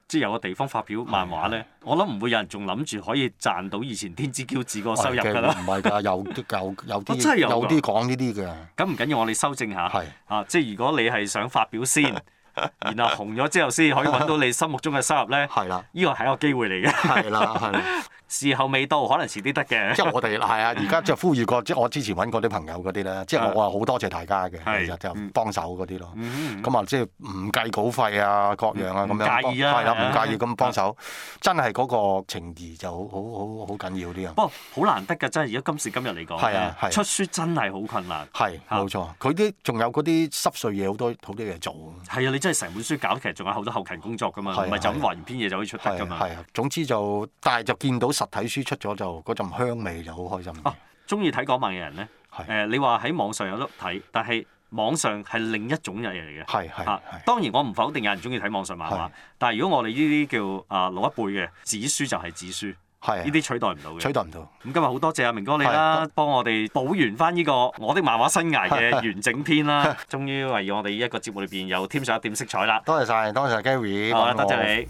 即係有個地方發表漫畫咧，的我諗唔會有人仲諗住可以賺到以前天之驕子嗰個收入㗎啦。唔係㗎，有啲有有啲、哦、有啲講呢啲嘅。咁唔緊要，我哋修正下。的啊，即係如果你係想發表先， 然後紅咗之後先可以揾到你心目中嘅收入咧。係啦的，呢個係一個機會嚟嘅。係啦。時候未到，可能遲啲得嘅。即係我哋係啊，而家就呼籲過，即係我之前搵過啲朋友嗰啲咧，即係我話好多謝大家嘅，其實就幫手嗰啲咯。咁啊，即係唔計稿費啊，各樣啊咁樣，係啦，唔介意咁幫手。真係嗰個情義就好好好好緊要啲。啊。不過好難得㗎，真係而家今時今日嚟講，出書真係好困難。係冇錯，佢啲仲有嗰啲濕碎嘢好多好多嘢做。係啊，你真係成本書搞其實仲有好多後勤工作㗎嘛，唔係就咁畫完篇嘢就可以出得㗎嘛。係啊，總之就但係就見到，實體書出咗就嗰陣香味就好開心。哦，中意睇港漫嘅人咧，誒，你話喺網上有得睇，但係網上係另一種嘢嚟嘅。係係。嚇，當然我唔否定有人中意睇網上漫畫，但係如果我哋呢啲叫啊老一輩嘅紙書就係紙書，係呢啲取代唔到嘅。取代唔到。咁今日好多謝阿明哥你啦，幫我哋補完翻呢個我的漫畫生涯嘅完整篇啦，終於為我哋呢一個節目裏邊又添上一點色彩啦。多謝晒，多謝 Gary，好，多謝你。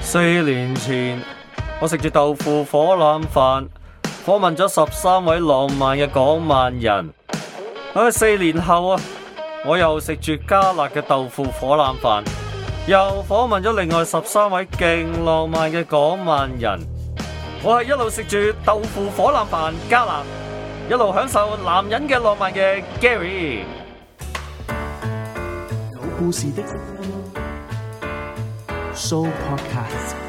四年前。我食住豆腐火腩飯，訪問咗十三位浪漫嘅港萬人。喺、啊、四年後啊，我又食住加辣嘅豆腐火腩飯，又訪問咗另外十三位勁浪漫嘅港萬人。我係一路食住豆腐火腩飯加辣，一路享受男人嘅浪漫嘅 Gary。有故事的 Show Podcast。